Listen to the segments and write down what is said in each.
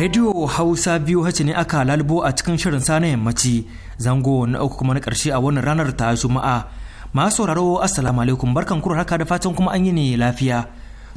Radio Hausa biyu hace ne aka lalbo a cikin shirin sa na yammaci zango na uku kuma na ƙarshe a wannan ranar ta Juma'a. Masu sauraro Assalamu alaikum barkan kuro haka da fatan kuma an yi ne lafiya.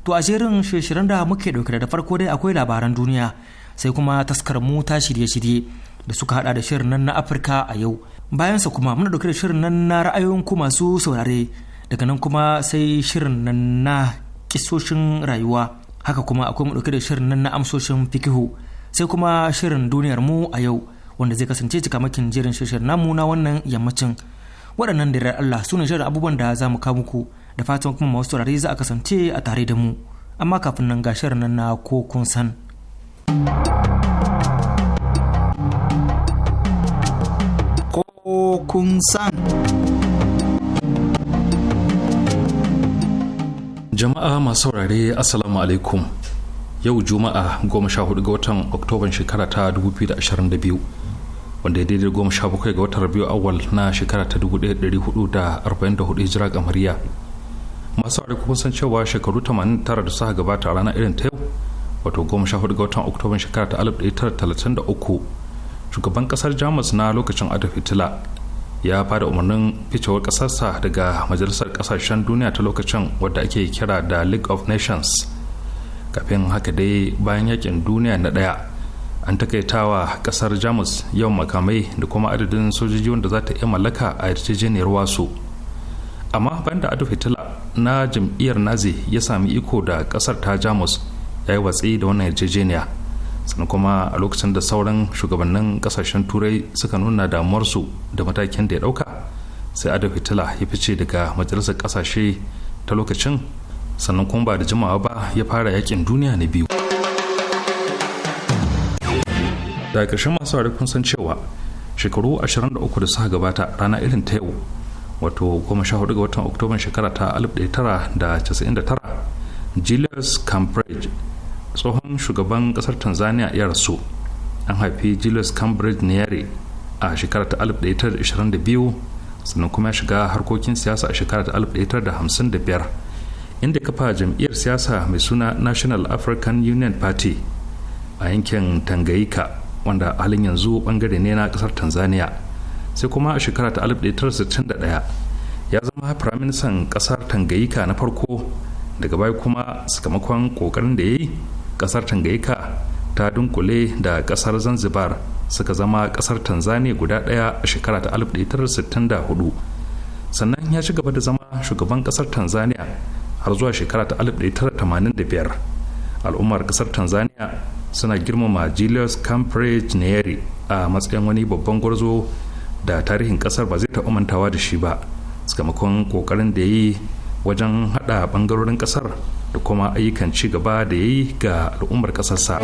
To a jerin shirin da muke ɗauke da farko dai akwai labaran duniya sai kuma taskar mu ta shirye-shirye da suka hada da shirin nan na Afirka a yau. bayan sa kuma muna ɗauke da shirin nan na ra'ayoyin ku masu saurare daga nan kuma sai shirin nan na kisoshin rayuwa. haka kuma akwai mu dauke da shirin nan na amsoshin fikihu sai kuma shirin duniyar mu a yau wanda zai kasance cikamakin jerin shirin namu na wannan yammacin waɗannan da Allah su ne shirin abubuwan da za mu kawo muku da fatan kuma masu turare za a kasance a tare da mu amma kafin nan ga shirin nan na ko kun san. Ko kun san. Jama'a masu saurare Assalamu alaikum. yau juma'a 14 ga watan oktoban shekara ta 2022 wanda ya daidai 17 ga watan biyu awal na shekara ta 1444 hijira kamariya masu aure kuma san cewa shekaru 89 da suka gabata a ranar irin ta yau wato 14 ga watan oktoban shekara ta 1933 shugaban kasar jamus na lokacin adolf hitler ya fada umarnin ficewar kasarsa daga majalisar kasashen duniya ta lokacin wadda ake kira da league of nations kafin haka dai bayan yakin duniya na daya an takaitawa kasar jamus yawan makamai da kuma adadin sojoji wanda za ta iya mallaka a yarjejeniyar wasu amma bayan da adolf hitler na jam'iyyar nazi ya sami iko da kasar ta jamus ya yi watsi da wannan yarjejeniya sannan kuma a lokacin da sauran shugabannin kasashen turai suka nuna damuwarsu da matakin da ya dauka sai adolf hitler ya fice daga majalisar kasashe ta lokacin sannan kuma ba da jimawa ba ya fara yakin duniya na biyu daga ƙarshen masu ware kun san cewa shekaru 23 da suka gabata rana irin ta yau wato 14 ga watan oktoban shekara ta 1999 julius cambridge tsohon shugaban ƙasar tanzania ya rasu an haifi julius cambridge niyare a shekara ta 1922 sannan kuma ya shiga harkokin siyasa a shekara ta 1955 inda kafa jam'iyyar siyasa mai suna national african union party a yankin tangayika wanda halin yanzu bangare ne na kasar tanzania sai kuma a shekara ta 1961 ya zama firaministan kasar tangayika na farko daga baya kuma sakamakon kokarin da ya yi kasar tangayika ta dunkule da kasar zanzibar suka zama kasar tanzania guda daya a shekara ta 1964 sannan ya ci gaba da zama shugaban kasar tanzania har zuwa shekara ta 1985 al'ummar kasar tanzania suna girmama julius cambridge nyeri a matsayin wani babban gwarzo da tarihin kasar ba zai taɓa mantawa da shi ba sakamakon kokarin da ya yi wajen haɗa ɓangarorin kasar da kuma ayyukan ci gaba da ya yi ga al'ummar ƙasarsa.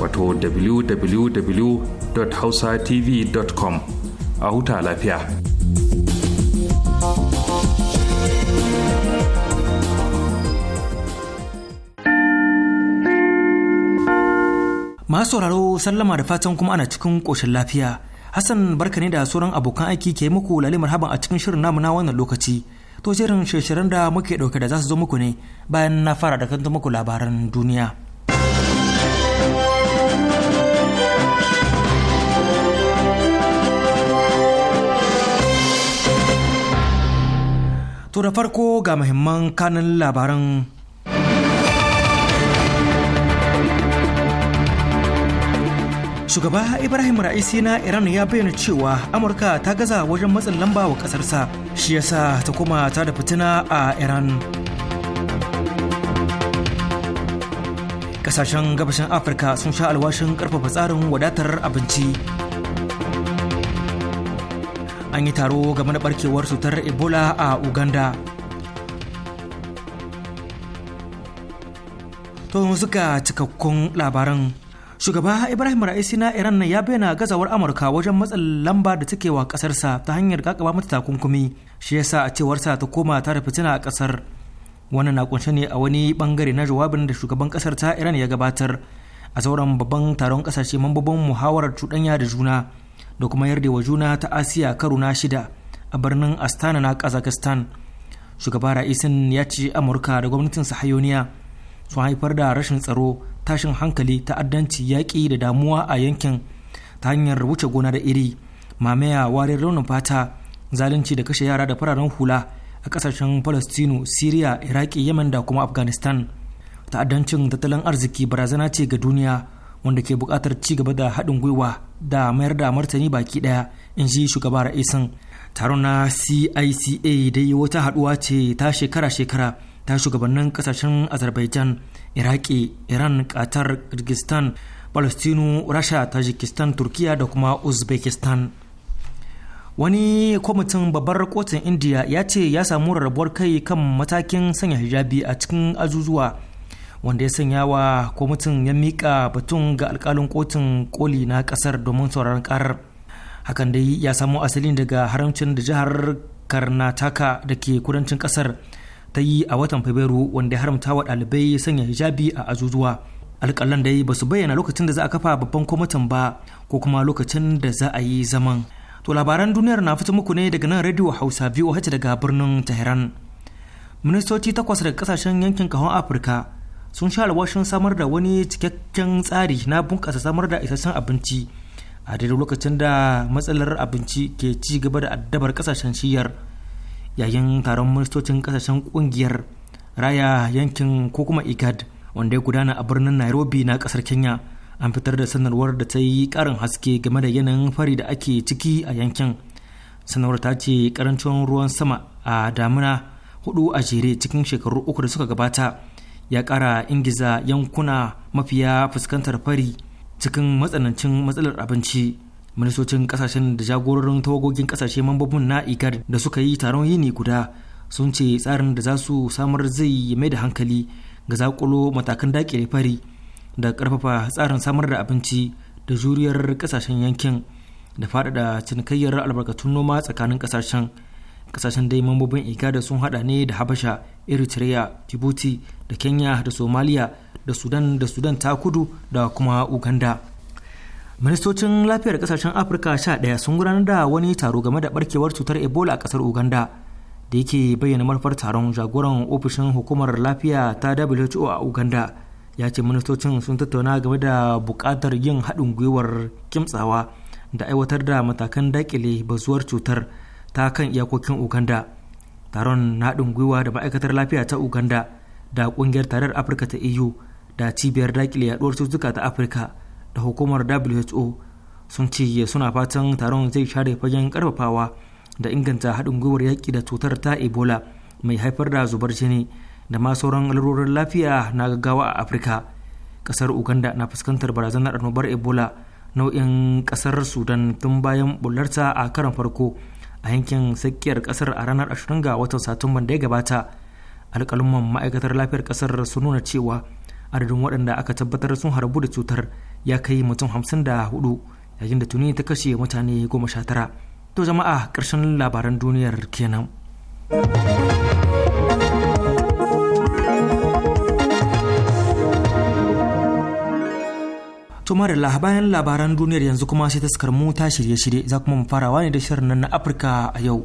wato www.hausatv.com a huta lafiya. Masu sauraro sallama da fatan kuma ana cikin koshin lafiya. Hassan barka ne da sauran abokan aiki ke muku lalimar haban a cikin shirin namu na wannan lokaci. To shirin shirin da muke ɗauke da za su zo muku ne bayan na fara da kanta muku labaran duniya. To da farko ga muhimman kanin labaran shugaba ibrahim ra'isi na iran ya bayyana cewa amurka ta gaza wajen matsin lamba wa ƙasarsa, shi yasa ta kuma ta da fitina a iran kasashen gabashin afirka sun sha alwashin karfafa tsarin wadatar abinci an yi taro game da barkewar cutar ebola a uganda to suka cikakkun labaran shugaba ibrahim ra'isi na iran ya bayyana gazawar amurka wajen matsin lamba da take wa kasarsa ta hanyar kakaba mata takunkumi shi yasa a cewarsa ta koma ta fitina a kasar wannan na kunshe ne a wani bangare na jawabin da shugaban kasar ta iran ya gabatar a sauran babban taron kasashe mambobin muhawarar cuɗanya da juna da kuma yarda wa juna ta asiya karo na shida a birnin astana na kazakhstan shugaba ra'isin ya ce amurka da gwamnatin sahayoniya sun haifar da rashin tsaro tashin hankali ta'addanci yaƙi da damuwa a yankin ta hanyar wuce gona da iri mamaya warin raunin fata zalunci da kashe yara da fararen hula a kasashen palestino syria iraki yemen da kuma afghanistan ta'addancin tattalin arziki barazana ce ga duniya wanda ke buƙatar ci gaba da haɗin gwiwa da mayar da martani baki daya in ji shugaba ra'isin taron na cica dai wata haduwa ce ta shekara-shekara ta shugabannin kasashen azerbaijan iraki iran qatar kirgistan palestinu rasha tajikistan turkiya da kuma uzbekistan wani kwamitin babbar kotun indiya ya ce ya samu rarrabuwar kai kan matakin sanya hijabi a cikin azuzuwa. wanda ya sanya wa kwamitin ya mika batun ga alkalin kotun koli na kasar domin sauraron karar hakan dai ya samo asalin daga haramcin da jihar karnataka da ke kudancin kasar ta yi a watan fabrairu wanda ya haramta wa ɗalibai sanya hijabi a azuzuwa alƙalan dai ba su bayyana lokacin da za a kafa babban kwamitin ba ko kuma lokacin da za a yi zaman To labaran duniyar na fito muku ne daga nan Radio Hausa VOH daga birnin Tehran. Ministoci takwas daga kasashen yankin kahon Afirka sun sha alwashin samar da wani cikakken tsari na bunƙasa samar da isassun abinci a daidai lokacin da matsalar abinci ke ci gaba da addabar kasashen shiyar yayin taron ministocin kasashen ƙungiyar raya yankin ko kuma igad wanda ya gudana a birnin nairobi na ƙasar kenya an fitar da sanarwar da ta yi karin haske game da yanayin fari da ake ciki a yankin sanarwar ta ce karancin ruwan sama a damuna hudu a jere cikin shekaru uku da suka gabata ya kara ingiza yankuna mafiya fuskantar fari cikin matsanancin matsalar abinci ministocin kasashen da jagororin tawagogin kasashe mambobin na igar da suka yi taron yini guda sun ce tsarin da za su samar zai mai da hankali ga zakulo matakan dakile fari da karfafa tsarin samar da abinci da juriyar kasashen yankin da faɗaɗa cinikayyar albarkatun noma tsakanin kasashen kasashen dai mambobin da sun hada ne da habasha eritrea djibouti da kenya da somalia da sudan da sudan ta kudu da kuma uganda ministocin lafiyar kasashen afirka sha ɗaya sun gudanar da wani taro game da barkewar cutar ebola a kasar uganda da yake bayyana manufar taron jagoran ofishin hukumar lafiya ta who a uganda ya ce ministocin sun tattauna game da buƙatar yin haɗin gwiwar kimtsawa da aiwatar da matakan daƙile bazuwar cutar ta kan iyakokin uganda taron na haɗin gwiwa da ma'aikatar lafiya ta uganda da kungiyar tarar afirka ta eu da cibiyar dakile yaduwar cututtuka ta afirka da hukumar who sun ce suna fatan taron zai share fagen karfafawa da inganta haɗin gwiwar yaƙi da cutar ta ebola mai haifar da zubar jini da ma sauran lalurorin lafiya na gaggawa a afirka ƙasar uganda na fuskantar barazanar annobar ebola nau'in ƙasar sudan tun bayan bullarta a karan farko a yankin tsakiyar ƙasar a ranar 20 ga watan satumban da ya gabata alƙaluman ma'aikatar lafiyar ƙasar sun nuna cewa adadin waɗanda aka tabbatar sun harbu da cutar ya kai mutum hamsin da hudu yayin da tuni ta kashe mutane goma sha tara to jama'a ƙarshen labaran duniyar kenan to marilla bayan labaran duniyar yanzu kuma sai taskar mu ta shirye-shirye za kuma mu farawa ne da shirin nan na afirka a yau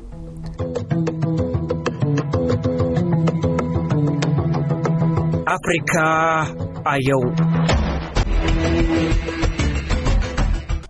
Africa, a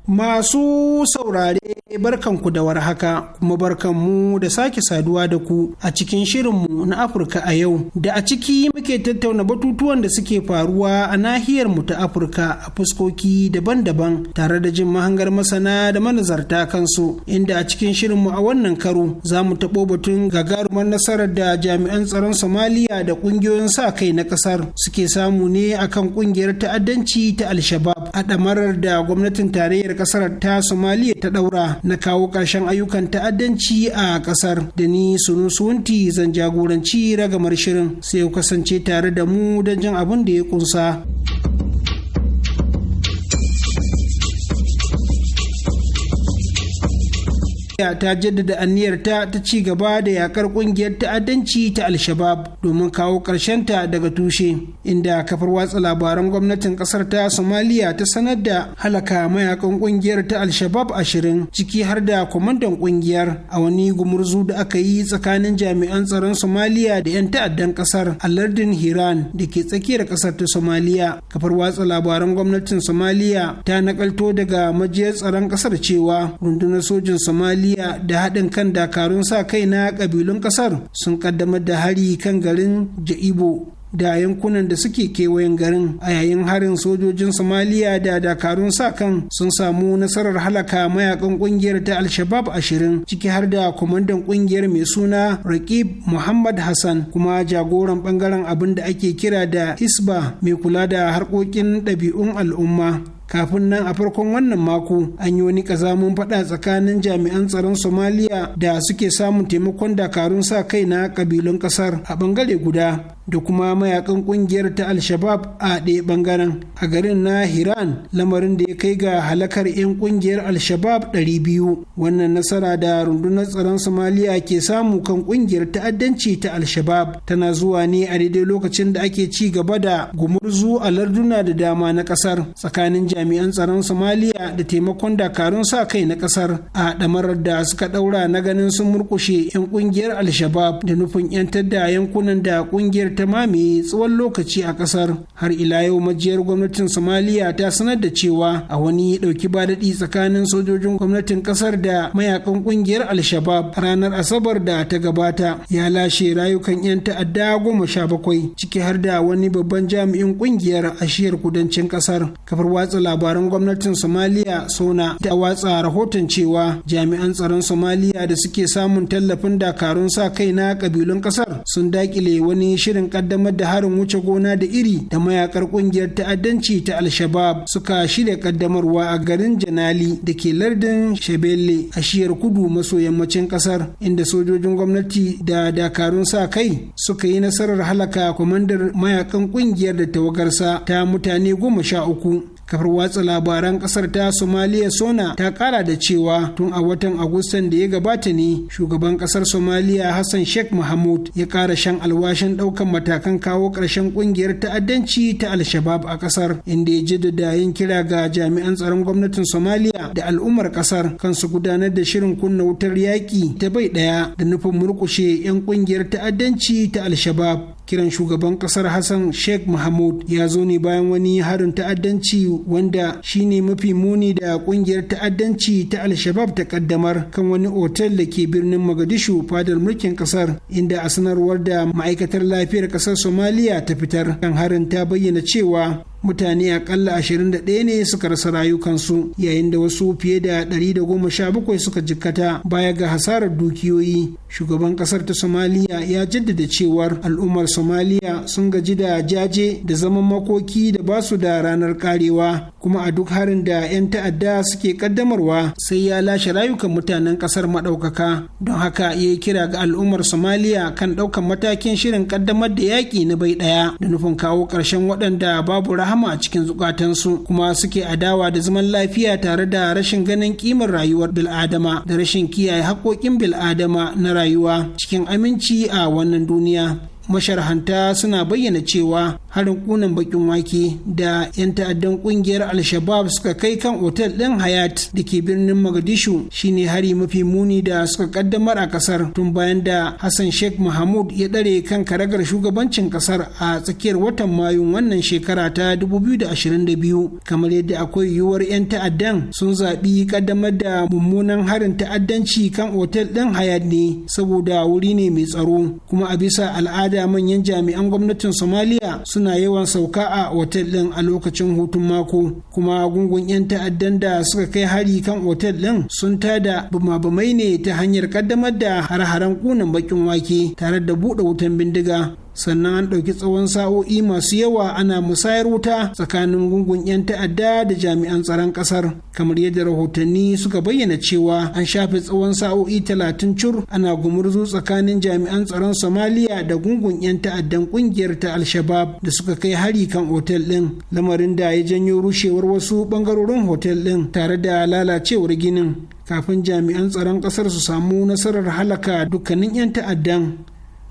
Masu saurare barkanku da warhaka kuma barkanmu da sake saduwa da ku a cikin shirinmu na Afirka a yau da a ciki muke tattauna batutuwan da suke faruwa a nahiyar mu ta Afirka a fuskoki daban-daban tare da jin mahangar masana da manazarta kansu inda a cikin shirinmu a wannan karo za mu taɓo batun gagarumar nasarar da jami'an tsaron Somaliya da ƙungiyoyin sa kai na ƙasar suke samu ne akan ƙungiyar ta'addanci ta Al-Shabaab a ɗamarar da gwamnatin tarayyar kasar ta somalia ta daura na kawo ƙarshen ayyukan ta'addanci a kasar da ni sunusunti zan jagoranci ragamar shirin sai kasance tare da mu don jin abin da ya kunsa. Turkiyya ta jaddada aniyarta ta ci gaba da yakar kungiyar ta'addanci ta alshabab domin kawo ta daga tushe, inda kafar watsa labaran gwamnatin ƙasar ta somalia ta sanar da halaka mayakan kungiyar ta alshabab ashirin ciki har da kwamandan kungiyar a wani gumurzu da aka yi tsakanin jami'an tsaron somalia da 'yan ta'addan ƙasar a lardin Hiran da ke tsakiyar ƙasar ta somalia Kafar watsa labaran gwamnatin somalia ta nakalto daga majiyar tsaron ƙasar cewa rundunar sojin Somalia somaliya da haɗin kan dakarun sa kai na ƙabilun ƙasar sun ƙaddamar da hari kan garin ja'ibo da yankunan da suke kewayen garin a yayin harin sojojin somaliya da dakarun sa kan sun samu nasarar halaka mayakan kungiyar ta al-shabab 20 ciki har da kwamandan kungiyar mai suna raqib muhammad hassan kuma jagoran bangaren abin da ake kira da isba mai kula da harkokin ɗabi'un al'umma kafin nan a farkon wannan mako an yi wani kazamun faɗa tsakanin jami'an tsaron somaliya da suke samun taimakon dakarun sa kai na kabilun ƙasar a ɓangare guda da kuma mayakan kungiyar ta al-shabab a ɗaya bangaren a garin na hiran lamarin da ya kai ga halakar 'yan kungiyar al-shabab 200 wannan nasara da rundunar tsaron somaliya ke samu kan kungiyar ta'addanci ta al-shabab tana zuwa ne a daidai lokacin da ake ci gaba da gumurzu a larduna da dama na kasar tsakanin jami'an tsaron somaliya da taimakon dakarun sa kai na kasar a ɗamarar da suka ɗaura na ganin sun murkushe 'yan kungiyar al-shabab da nufin 'yantar da yankunan da kungiyar ta mamaye tsawon lokaci a kasar har ila yau majiyar gwamnatin somaliya ta sanar da cewa a wani dauki badadi tsakanin sojojin gwamnatin kasar da mayakan kungiyar al-shabab ranar asabar da ta gabata ya lashe rayukan 'yan ta'adda goma sha bakwai ciki har da wani babban jami'in kungiyar ashiyar kudancin kasar kafar watsa labaran gwamnatin somaliya sona ta watsa rahoton cewa jami'an tsaron somaliya da suke samun tallafin dakarun sa kai na kabilun kasar sun dakile wani shirin kaddamar da harin wuce gona da iri da mayakar kungiyar ta'addanci ta al-shabab suka shirya kaddamarwa a garin janali da ke lardin shebele a shiyar kudu maso yammacin kasar inda sojojin gwamnati da dakarun sa kai suka yi nasarar halaka kwamandar mayakan kungiyar da tawagarsa ta mutane goma sha uku kafar watsa labaran kasar ta somaliya sona ta kara da cewa tun a watan agustan da ya gabata ne shugaban kasar somaliya hassan sheikh mahmud ya kara shan alwashin daukan matakan kawo ƙarshen ƙungiyar ta'addanci ta al-shabab a ƙasar inda ya jaddada yin kira ga jami'an tsaron gwamnatin somaliya da al'ummar ƙasar kan su gudanar da shirin kunna wutar yaƙi ta bai ɗaya da nufin murƙushe 'yan ƙungiyar ta'addanci ta al-shabab kiran shugaban kasar hassan sheikh mahmud ya zo ne bayan wani harin ta'addanci wanda shine mafi muni da kungiyar ta'addanci ta al-shabab ta kaddamar kan wani otel da ke birnin magadishu fadar mulkin kasar inda a sanarwar da ma'aikatar lafiyar kasar somaliya ta fitar kan harin ta bayyana cewa mutane akalla ɗaya ne suka rasa rayukansu yayin da wasu fiye da ɗari da goma sha bakwai suka jikkata baya ga hasarar dukiyoyi shugaban ƙasar ta somaliya ya jaddada cewar al'ummar somaliya sun gaji da jaje da zaman makoki da ba su da ranar karewa kuma a duk harin da 'yan ta'adda suke kaddamarwa sai ya lashe rayukan mutanen ƙasar maɗaukaka don haka ya yi kira ga al'ummar somaliya kan ɗaukan matakin shirin kaddamar da yaƙi na bai ɗaya da nufin kawo ƙarshen waɗanda babu rahama a cikin zukatansu kuma suke adawa da zaman lafiya tare da rashin ganin kimar rayuwar bil'adama da rashin kiyaye haƙoƙin bil'adama na rayuwa cikin aminci a wannan duniya masharhanta suna bayyana cewa harin kunan bakin wake da 'yan ta'addan kungiyar al-shabab suka kai kan otel ɗin hayat da ke birnin magadishu shine hari mafi muni da suka kaddamar a kasar tun bayan da hassan sheikh mahmud ya ɗare kan karagar shugabancin kasar a tsakiyar watan mayu wannan shekara ta 2022 kamar yadda akwai yiwuwar 'yan ta'addan sun zaɓi kaddamar da mummunan harin ta'addanci kan otel ɗin hayat ne saboda wuri ne mai tsaro kuma a bisa al'ada da manyan jami'an gwamnatin somaliya suna yawan sauka a otel ɗin a lokacin hutun mako kuma gungun 'yan ta'addan da suka kai hari kan otel ɗin sun tada bumabumai ne ta hanyar kaddamar da har-haren kunan bakin wake tare da buɗe wutan bindiga sannan an ɗauki tsawon sa'o'i masu yawa ana musayar wuta tsakanin gungun 'yan ta'adda da jami'an tsaron ƙasar kamar yadda rahotanni suka bayyana cewa an shafe tsawon sa'o'i talatin cur ana gumurzu tsakanin jami'an tsaron somaliya da gungun 'yan ta'addan ƙungiyar ta alshabab da suka kai hari kan otel ɗin lamarin da ya janyo rushewar wasu ɓangarorin otel ɗin tare da lalacewar ginin kafin jami'an tsaron ƙasar su samu nasarar halaka dukkanin 'yan ta'addan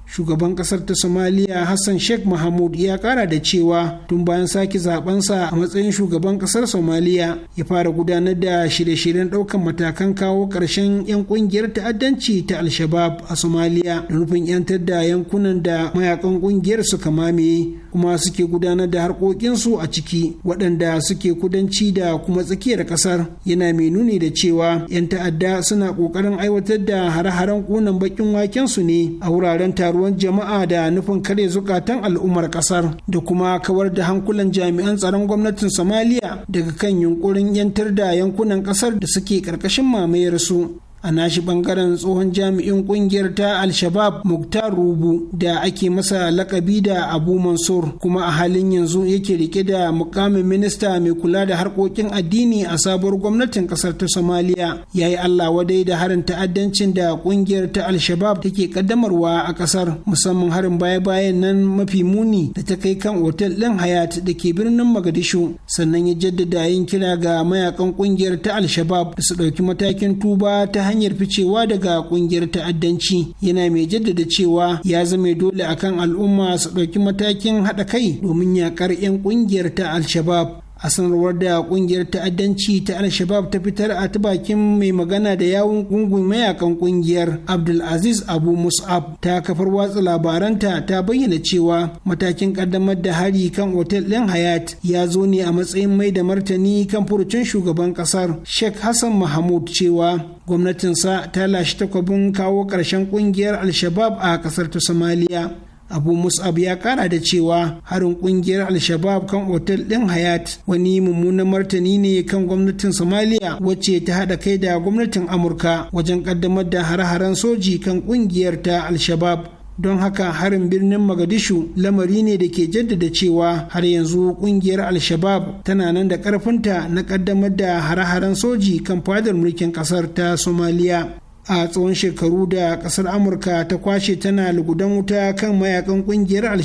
shugaban kasar ta somaliya hassan sheikh mahamud ya kara da cewa tun bayan sake zabensa a matsayin shugaban kasar somaliya ya fara gudanar da shirye-shiryen daukan matakan kawo ƙarshen 'yan kungiyar ta'addanci ta alshabab a somaliya da nufin 'yantar da yankunan da mayakan kungiyar suka mamaye kuma suke gudanar da harkokinsu a ciki waɗanda suke kudanci da kuma tsakiyar kasar yana mai nuni da cewa 'yan ta'adda suna ƙoƙarin aiwatar da hare-haren ƙunan bakin waken su ne a wuraren taro taruwan jama'a da nufin kare zukatan al'ummar kasar da kuma kawar da hankulan jami'an tsaron gwamnatin somaliya daga kan yunkurin yantar da yankunan kasar da suke karkashin mamayar su a nashi bangaren tsohon jami'in kungiyar ta al-shabab muktar rubu da ake masa lakabi da abu mansur kuma a halin yanzu yake rike da mukamin minista mai kula da harkokin addini a sabuwar gwamnatin kasar ta somaliya ya yi allah wadai da harin ta'addancin da kungiyar ta al-shabab take kaddamarwa a kasar musamman harin baya-bayan nan mafi muni da ta kai kan otel din hayat da ke birnin magadishu sannan ya jaddada yin kira ga mayakan kungiyar ta al-shabab da su ɗauki matakin tuba ta hanyar ficewa daga kungiyar ta'addanci yana mai jaddada cewa ya zama dole akan al'umma su ɗauki matakin haɗa kai domin yaƙar 'yan kungiyar ta al-shabab a sanarwar da kungiyar ta'addanci ta al-shabab ta fitar a ta bakin mai magana da yawun gungun mayakan kungiyar abdulaziz abu mus'ab ta kafar watsa labaranta ta bayyana cewa matakin kaddamar da hari kan otel ɗin hayat ya zo ne a matsayin mai da martani kan furucin shugaban ƙasar sheikh hassan mahmud cewa gwamnatinsa ta lashe takwabin kawo ƙarshen ƙungiyar al-shabab a ƙasar ta somaliya abu musab ya kara da cewa harin kungiyar alshabab kan otel din hayat wani mummunan martani ne kan gwamnatin somaliya wacce ta haɗa kai da gwamnatin amurka wajen ƙaddamar da har haren soji kan kungiyar ta alshabab. don haka harin birnin magadishu lamari ne da ke jaddada cewa har yanzu kungiyar alshabab tana nan da karfinta na kaddamar da har haren soji kan fadar mulkin kasar ta somaliya a tsawon shekaru da kasar amurka ta kwashe tana lugudan wuta kan mayakan kungiyar al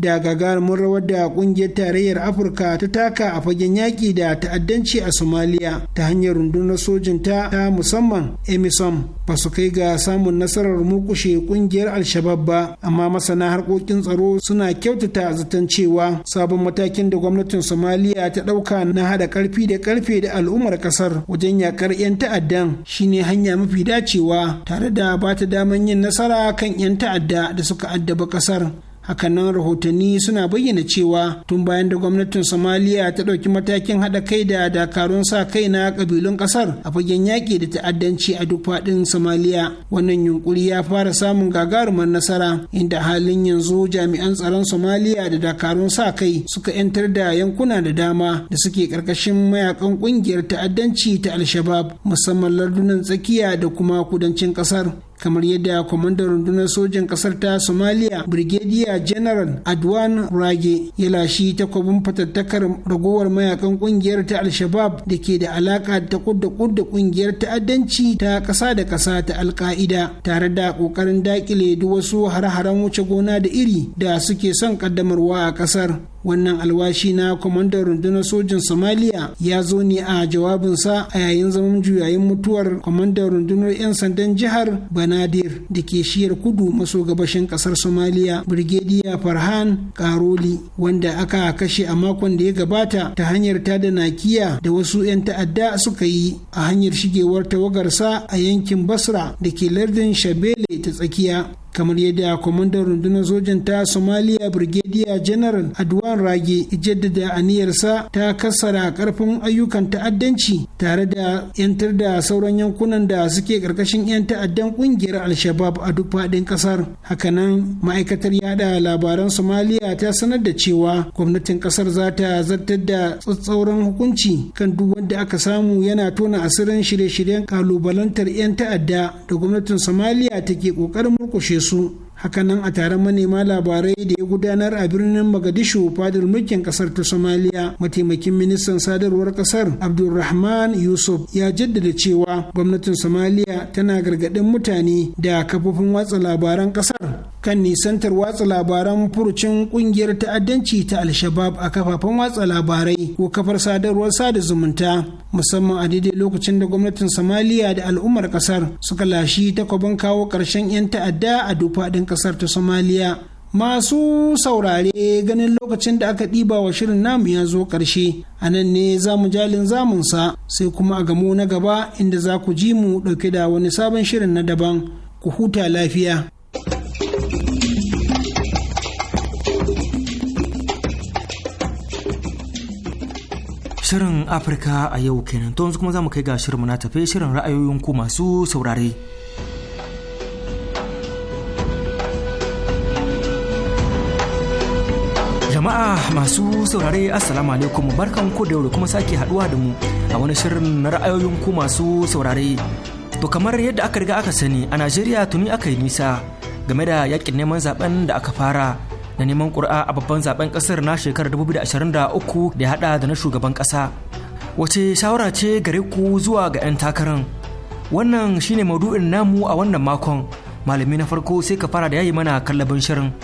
da gagarumin rawar da kungiyar tarayyar afirka ta taka a fagen yaƙi da ta'addanci a somaliya ta hanyar rundunar sojinta ta musamman emisom ba su kai ga samun nasarar murkushe kungiyar alshabab ba amma masana harkokin tsaro suna kyautata zaton cewa sabon matakin da gwamnatin somaliya ta ɗauka na haɗa ƙarfi da karfe da al'ummar ƙasar wajen yakar 'yan ta'addan shine hanya mafi dacewa tare da bata ta daman yin nasara kan 'yan ta'adda da suka addaba ƙasar hakanan rahotanni suna bayyana cewa tun bayan da gwamnatin somaliya ta ɗauki matakin haɗa kai da dakarun sa kai na ƙabilun ƙasar a fagen yaƙi da ta'addanci a duk faɗin somaliya wannan yunƙuri ya fara samun gagarumar nasara inda halin yanzu jami'an tsaron somaliya da dakarun sa kai suka 'yantar da yankuna da dama da suke ƙarƙashin mayakan ƙungiyar ta'addanci ta al musamman lardunan tsakiya da kuma kudancin ƙasar kamar yadda kwamandan rundunar sojan kasar ta somalia brigadier general adwan rage ya lashi takwabin fatattakar ragowar mayakan kungiyar ta al-shabab da ke da alaka da kudda kudda kungiyar ta'addanci ta kasa da kasa ta alka'ida tare da kokarin dakile duk wasu har-haren wuce gona da iri da suke son kaddamarwa a kasar wannan alwashi na kwamandan rundunar sojin somaliya ya zo ne a jawabinsa a yayin zaman juyayin mutuwar kwamandan rundunar 'yan sandan jihar banadir da ke shiyar kudu maso gabashin kasar somaliya birgediya farhan karoli wanda aka kashe a makon da ya gabata ta hanyar tada nakiya da wasu 'yan ta'adda suka yi a hanyar shigewar tawagarsa a yankin basra da ke lardin shabele ta tsakiya kamar yadda kwamandan rundunar sojan ta somaliya brigadier general adwan rage jaddada aniyarsa ta kassara karfin ayyukan ta'addanci tare da yantar da sauran yankunan da suke karkashin 'yan ta'addan kungiyar al-shabab a duk faɗin kasar hakanan ma'aikatar yada labaran somaliya ta sanar da cewa gwamnatin kasar za ta zartar da tsatsauran hukunci kan duk wanda aka samu yana tona asirin shirye-shiryen kalubalantar 'yan ta'adda da gwamnatin somaliya take ƙoƙarin murkushe su hakanan a taron manema labarai da ya gudanar a birnin magadishu fadar mulkin kasar ta somaliya mataimakin ministan sadarwar kasar abdulrahman yusuf ya jaddada cewa gwamnatin somaliya tana gargadin mutane da kafofin watsa labaran kasar kan nisantar watsa labaran furucin kungiyar ta'addanci ta alshabab a kafafen watsa labarai ko kafar sadarwar sada zumunta musamman a daidai lokacin da gwamnatin somaliya da al'ummar kasar suka lashi takobin kawo ƙarshen 'yan ta'adda a dufaɗin kasar ta somaliya masu saurare ganin lokacin da aka ɗiba wa shirin namu ya zo ƙarshe a nan ne za mu jalin zamunsa sai kuma a gamo na gaba inda za ku ji mu ɗauke da wani sabon shirin na daban ku huta lafiya shirin afirka a yau kenan to yanzu kuma za mu kai ga shirin na tafe shirin ra'ayoyin ku masu saurare Jama'a masu saurare Assalamu alaikum barkan ku da yau kuma sake haduwa da mu a wani shirin na ra'ayoyin ku masu saurare. To kamar yadda aka riga aka sani a Najeriya tuni aka yi nisa game da yakin neman zaben da aka fara na neman ƙura a babban zaben ƙasar na shekarar 2023 da ya hada da na shugaban ƙasa. Wace shawara ce gare ku zuwa ga 'yan takarar? Wannan shine maudu'in namu a wannan makon. Malami na farko sai ka fara da yayi mana kallabin shirin.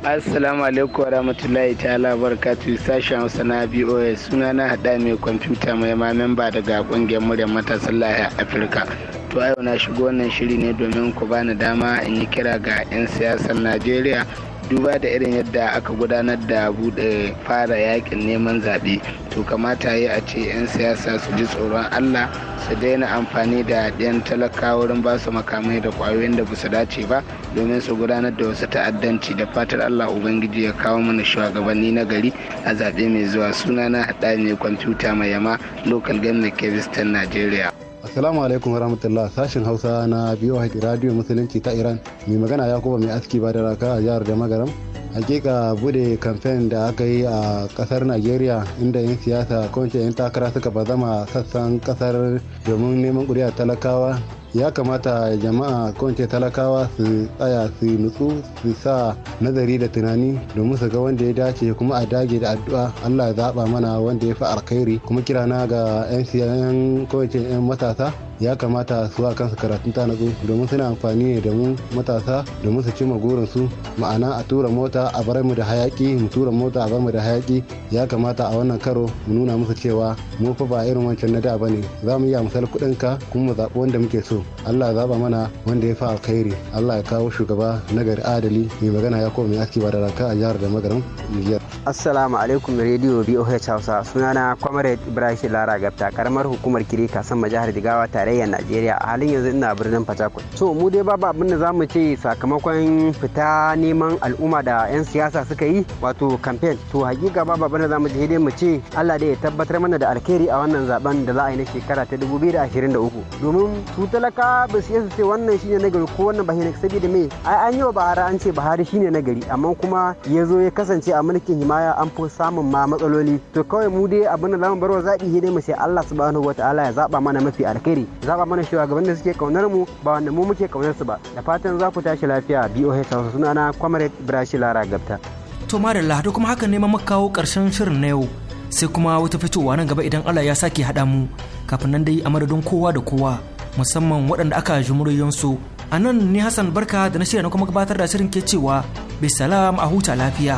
Assalamu alaikum warahmatullahi ta'ala barakatuhu sashen Hausa na BOA suna na hada mai kwamfuta mai ma memba daga kungiyar muryar matasan lahiya Afirka. To a yau na shigo wannan shiri ne domin ku bani dama in yi kira ga 'yan siyasar Najeriya duba da irin yadda aka gudanar da bude fara yakin neman zaɓe to kamata yi a ce 'yan siyasa su ji tsoron allah su daina amfani da 'yan talakawa wurin ba su makamai da kwayoyin da su dace ba domin su gudanar da wasu ta'addanci da fatar allah ubangiji ya kawo mana shugabanni na gari a zaɓe mai zuwa suna na haɗa mai kwamfuta mai yama local government kevistan nigeria Assalamu alaikum warahmatullah sashen Hausa na biyo haƙi radio musulunci ta Iran mai magana ya kuma mai aski ba da raka a jihar da magaram hakika bude kamfen da aka yi a kasar nigeria inda yin siyasa kawance 'yan takara suka bazama sassan kasar domin neman kuri'a talakawa ya kamata jama'a kwance talakawa su tsaya su nutsu su sa nazari da tunani domin su ga wanda ya dace kuma a dage da addu'a allah ya zaɓa mana wanda ya fi alkhairi kuma kirana ga 'yan siyan kwance 'yan matasa ya kamata su a kansu karatun tanazu domin suna amfani ne da mu matasa domin su cimma su ma'ana a tura mota a bar mu da hayaki mu tura mota a bar mu da hayaki ya kamata a wannan karo mu nuna musu cewa mu fa ba irin wancan na da bane za mu iya misal kuɗin ka kuma mu zaɓi wanda muke so Allah ya zaba mana wanda ya fa alkhairi Allah ya kawo shugaba nagari adali mai magana ya koma mai aski ba da raka a jihar da magaram Niger Assalamu alaikum radio BOH Hausa sunana Comrade Ibrahim Lara gabta karamar hukumar Kirika kasan majahar Jigawa tare tarayyar najeriya a halin yanzu ina birnin fatakwal so mu dai babu abin da zamu ce sakamakon fita neman al'umma da 'yan siyasa suka yi wato campaign to hakika babu abin da zamu ce dai mu ce allah dai ya tabbatar mana da alkhairi a wannan zaben da za a yi na shekara ta 2023 domin su talaka ba su yasa ce wannan shine na gari ko wannan ba shine saboda me ai an yi wa bahara an ce bahari shine na gari amma kuma ya zo ya kasance a mulkin himaya an fi samun ma matsaloli to kawai mu dai abin da zamu bar wa zaɓi dai mu ce allah subhanahu ta'ala ya zaɓa mana mafi alkhairi zaba mana shugaban da suke kaunar mu ba wanda mu muke kaunar su ba da fatan za ku tashi lafiya BOH suna na Comrade Brashi Lara Gabta to madalla da kuma haka ne muka kawo karshen shirin na yau sai kuma wata fitowa nan gaba idan Allah ya sake haɗa mu kafin nan dai a madadin kowa da kowa musamman waɗanda aka ji muryoyinsu a nan ni Hassan Barka da na shirya na kuma gabatar da shirin ke cewa bisalam a huta lafiya.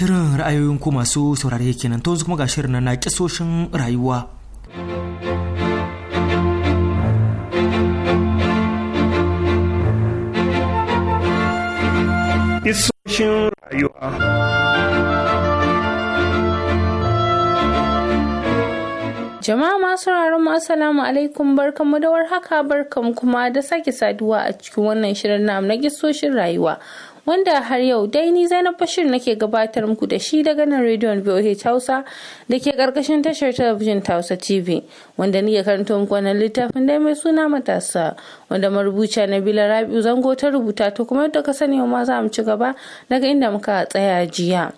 Shirin ra'ayoyin ku masu saurare kenan to kuma ga shirin na kisoshin rayuwa. Kisoshin rayuwa. Jama'a masu mu Assalamu alaikum barkanmu da warhaka barkanmu kuma da sake saduwa a cikin wannan shirin na na gisoshin rayuwa. wanda har yau dai ni Zainab Bashir nake gabatar muku da shi daga nan rediyon VOH Hausa da ke karkashin tashar talabijin tausa Hausa TV wanda ni ya karanto muku wannan littafin dai mai suna matasa wanda marubuciya bila Rabi'u zango ta rubuta to kuma yadda ka sani ma za mu ci gaba daga inda muka tsaya jiya.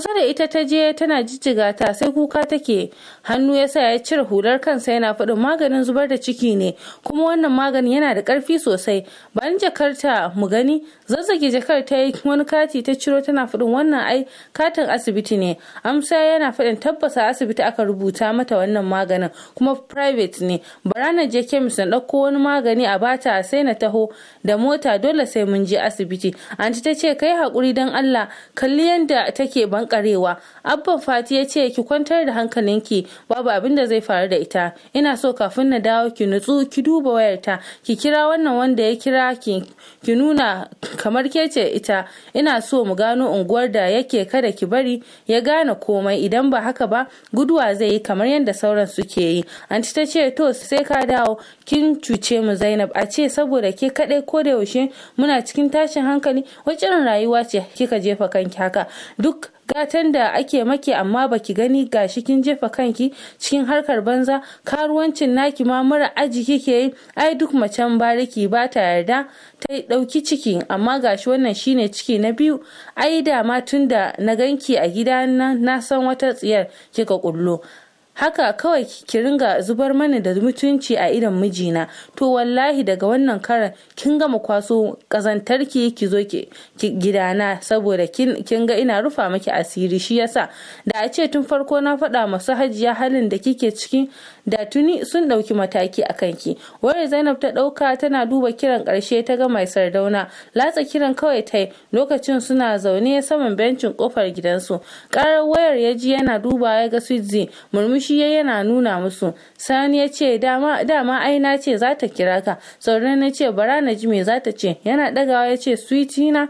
kusa da ita ta je tana jijjiga ta sai kuka take hannu ya sa ya cire hular kansa yana faɗin maganin zubar da ciki ne kuma wannan magani yana da ƙarfi sosai bayan jakarta mu gani zazzage jakar ta yi wani kati ta ciro tana faɗin wannan ai katin asibiti ne amsa yana faɗin tabbasa asibiti aka rubuta mata wannan maganin kuma private ne bara na je kemis na ɗauko wani magani a bata sai na taho da mota dole sai mun je asibiti anti ta ce kai haƙuri don allah kalli yadda take bankarewa abban fati ya ce ki kwantar da hankalinki babu abin da zai faru da ita ina so kafin na dawo ki nutsu ki duba wayarta ki kira wannan wanda ya kira ki ki nuna kamar kece ita ina so mu gano unguwar da yake kada ki bari ya gane komai idan ba haka ba guduwa zai yi kamar yadda sauran suke yi anti ta ce to sai ka dawo kin cuce mu Zainab a ce saboda ke kadai ko da yaushe muna cikin tashin hankali wacce rayuwa ce kika jefa kanki haka duk gatan da ake maki amma baki gani ga shi kin jefa kanki cikin harkar banza karuwancin naki ma mara aji kike yi ai duk macen bariki ba ta yarda ta ɗauki ciki amma gashi wannan shine ciki na biyu ai da ma tun da na ganki a gida na san wata tsiyar kika kullo haka kawai ki ringa zubar mani da mutunci a idan mijina to wallahi daga wannan karan kin gama kwaso kazantarki ki zo ki gidana saboda kin ga ina rufa maki asiri shi yasa da a ce tun farko na faɗa masu hajiya halin da kike ciki da tuni sun ɗauki mataki a kanki wayar zainab ta ɗauka tana duba kiran ƙarshe ta ga mai sardauna latsa kiran kawai ta lokacin suna zaune saman bencin kofar gidansu ƙarar wayar ya ji yana duba ya ga murmushi shi ya yana nuna musu sani ya ce dama ai na ce za ta kira ka sauran na ce bara na ji me za ta ce yana dagawa ya ce sweetie na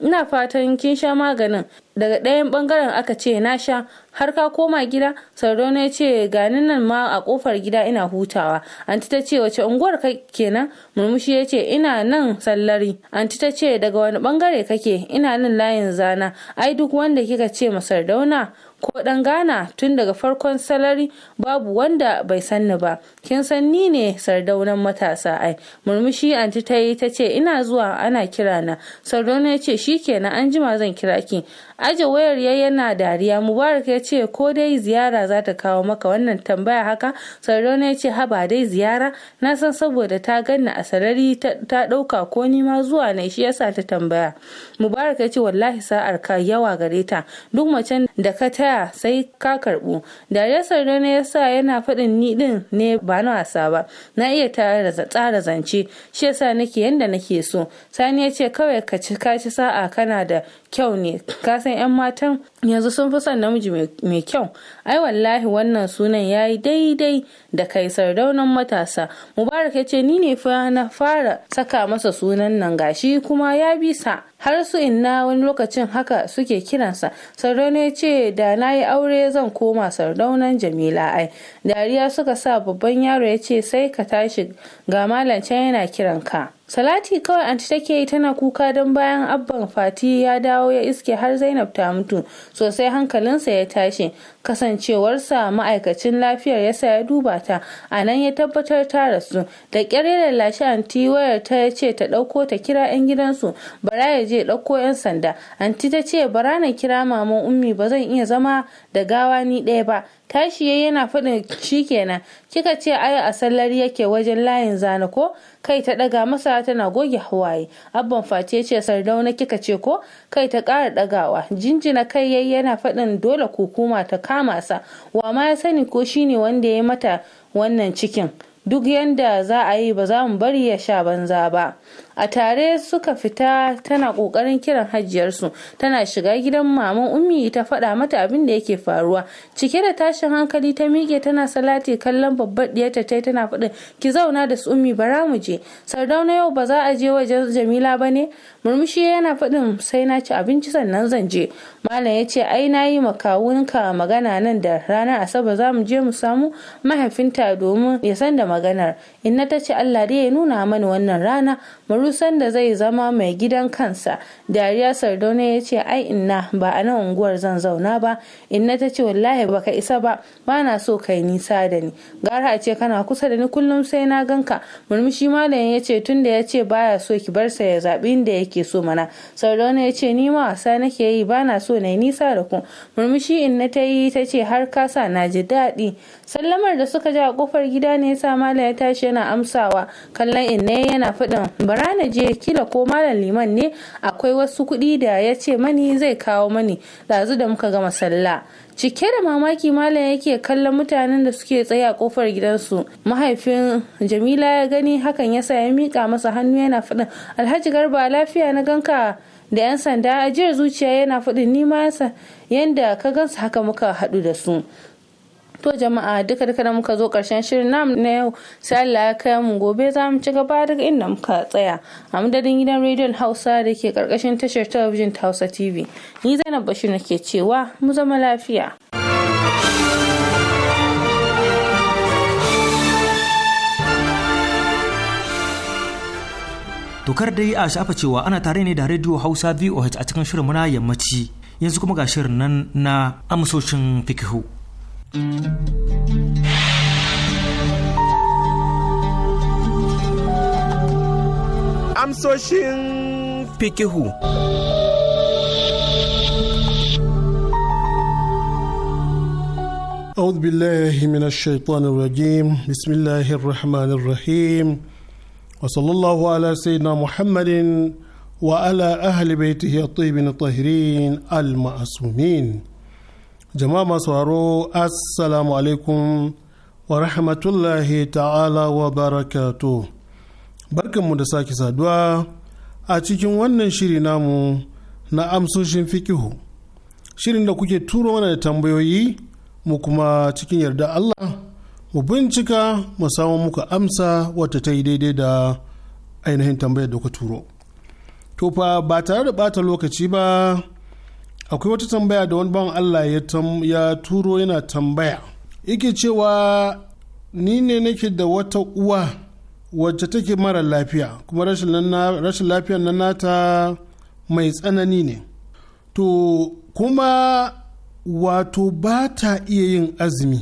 ina fatan kin sha maganin daga ɗayan bangaren aka ce na sha har ka koma gida sardauna ya ce gani nan ma a kofar gida ina hutawa anti ta ce wace unguwar ka kenan murmushi ya ce ina nan sallari anti ta ce daga wani bangare kake ina nan layin zana ai duk wanda kika ce ma sardauna ko dan gana tun daga farkon salari babu wanda bai sanni ba kin san ni ne sardaunan matasa ai murmushi anti ta yi ta ce ina zuwa ana kirana sardauna ya ce shikenan an jima zan kira ki aje wayar ya yana dariya mubarak ya ce ko dai ziyara za ta kawo maka wannan tambaya haka sardauna ya ce haba dai ziyara na san saboda ta ganna a sarari ta ɗauka ko nima zuwa ne shi yasa ta tambaya mubarak ya ce wallahi sa'ar ka yawa gare ta duk macen da ka taya sai ka karbu dariya sardauna ya sa yana faɗin ni ɗin ne ba na wasa ba na iya tsara zance shi yasa nake yanda nake so sani ya ce kawai ka ci sa'a kana da kyau ne ka san 'yan matan yanzu sun fi son namiji mai kyau ai wallahi wannan sunan ya yi daidai da kai sardaunan matasa mubarak ya ce ni ne fa na fara saka masa sunan nan gashi kuma ya bisa har su inna wani lokacin haka suke kiransa sardauna ya ce da na yi aure zan koma sardaunan jamila ai dariya suka sa babban yaro ya ce sai ka tashi ga malam can yana ka. Salati kawai anti take yi tana kuka don bayan abban Fati ya dawo ya iske har Zainab ta mutu sosai hankalinsa ya tashi kasancewarsa ma'aikacin lafiyar yasa ya duba ta a nan ya tabbatar ta rasu da ƙyar ya lallashi anti wayar ta ya ce ta ɗauko ta kira 'yan gidansu bara ya je ɗauko 'yan sanda anti ta ce bara na kira maman ummi ba zan iya zama da gawa ni ɗaya ba tashi yayi yana faɗin shikenan kika ce ai a sallari yake wajen layin zana ko kai ta ɗaga masa tana goge hawaye abban fati ya ce sardauna kika ce ko kai ta ƙara ɗagawa jinjina kai yayi yana faɗin dole kukuma ta kama sa wa ma ya sani ko shine wanda ya mata wannan cikin duk yanda za a yi ba za mu bari ya sha banza ba a tare suka fita tana kokarin kiran hajiyarsu tana shiga gidan maman ummi ta faɗa mata abin da yake faruwa cike da tashin hankali ta miƙe tana salati kallon babbar diyarta ta tana faɗin ki zauna da su ummi bara mu je sardauna yau ba za a je wajen jamila ba ne murmushi yana faɗin sai na ci abinci sannan zan je malam ya ce ai na yi makawunka magana nan da ranar asabar za mu je mu samu mahaifinta domin ya san da maganar inna ta ce allah dai ya nuna mani wannan rana faru sanda zai zama mai gidan kansa dariya sardauna ya ce ai inna ba a nan unguwar zan zauna ba inna ta ce wallahi baka isa ba ba na so kai nisa da ni gara a ce kana kusa da ni kullum sai na ganka murmushi malam ya ce tunda ya ce baya so ki bar sa ya zaɓi inda yake so mana sardauna ya ce ni ma wasa nake yi ba na so na yi nisa da ku murmushi inna ta yi ta ce har kasa na ji daɗi sallamar da suka ja a kofar gida ne ya sa malam ya tashi yana amsawa kallon inne yana faɗin bara na je kila ko malam liman ne akwai wasu kuɗi da ya ce mani zai kawo mani ɗazu da muka gama sallah cike da mamaki malam yake kallon mutanen da suke tsaye a kofar gidansu mahaifin jamila ya gani hakan yasa ya miƙa masa hannu yana faɗin alhaji garba lafiya na ganka da 'yan sanda ajiyar zuciya yana faɗin nima yanda ka gansu haka muka haɗu da su to jama'a duka duka da muka zo karshen shirin nam na yau sai Allah ya kai mu gobe za mu ci gaba daga inda muka tsaya a madadin gidan rediyon Hausa da ke karkashin tashar talabijin ta Hausa TV ni Zainab Bashir nake cewa mu zama lafiya dokar dai a shafa cewa ana tare ne da rediyo Hausa VOH a cikin shirin muna yammaci yanzu kuma ga shirin nan na amsoshin fikihu. Amsoshin fikihu. أعوذ بالله من الشيطان الرجيم بسم الله الرحمن الرحيم وصلى الله على سيدنا محمد وعلى أهل بيته الطيبين الطاهرين المعصومين jama'a masu sauraro assalamu alaikum wa rahmatullahi ta'ala wa barakatu barkanmu da sake saduwa a cikin wannan shiri namu na amsoshin fikihu shirin da kuke turo mana da tambayoyi mu kuma cikin yarda Allah mu bincika mu samu muka amsa wata ta yi daidai da ainihin tambayar da ku turo to fa ba tare da bata lokaci ba akwai wata tambaya da wani bawan Allah ya turo yana tambaya yake cewa ni ne nake da wata uwa wacce take mara lafiya kuma rashin lafiya na nata mai tsanani ne to kuma wato ba ta iya yin azumi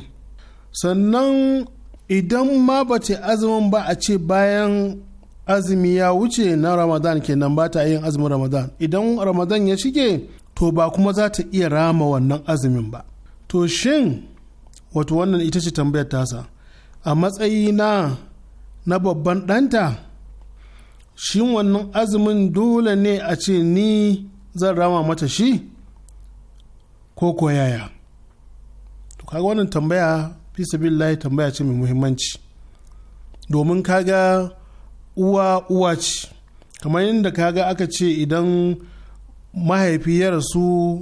sannan idan ma ba ta azumin ba a ce bayan azumi ya wuce na ramadan kenan ba ta yin azumin ramadan idan ramadan ya shige to ba kuma za ta iya rama wannan azumin ba to shin wato wannan ita ce tambayar tasa a matsayi na babban ɗanta shin wannan azumin dole ne a ce ni zan rama mata shi ko ko yaya to kaga wannan tambaya fi layi tambaya ce mai muhimmanci domin kaga uwa uwa ce kamar yadda kaga aka ce idan mahaifi ya rasu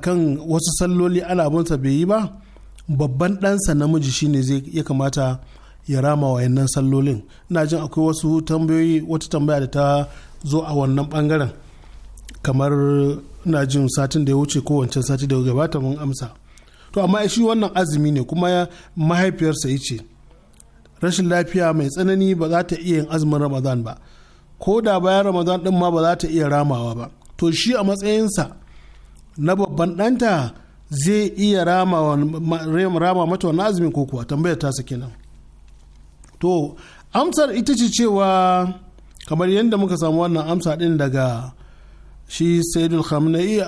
kan wasu salloli alabunsa bai yi ba babban ɗansa namiji shine zai ya kamata ya rama wayannan sallolin ina jin akwai wasu tambayoyi wata tambaya da ta zo a wannan bangaren kamar ina jin satin da ya wuce ko wancan sati da ya gabata mun amsa to amma shi wannan azumi ne kuma mahaifiyarsa ya ce rashin lafiya mai tsanani ba za ta iya yin azumin ramadan ba ko da bayan ramadan din ma ba za ta iya ramawa ba to shi a matsayinsa na babban ɗanta zai iya rama mata wani azumi ko kuwa tambayar tasa kenan to amsar ita ce cewa kamar yadda muka samu wannan amsa ɗin daga shi sayyidul khamenei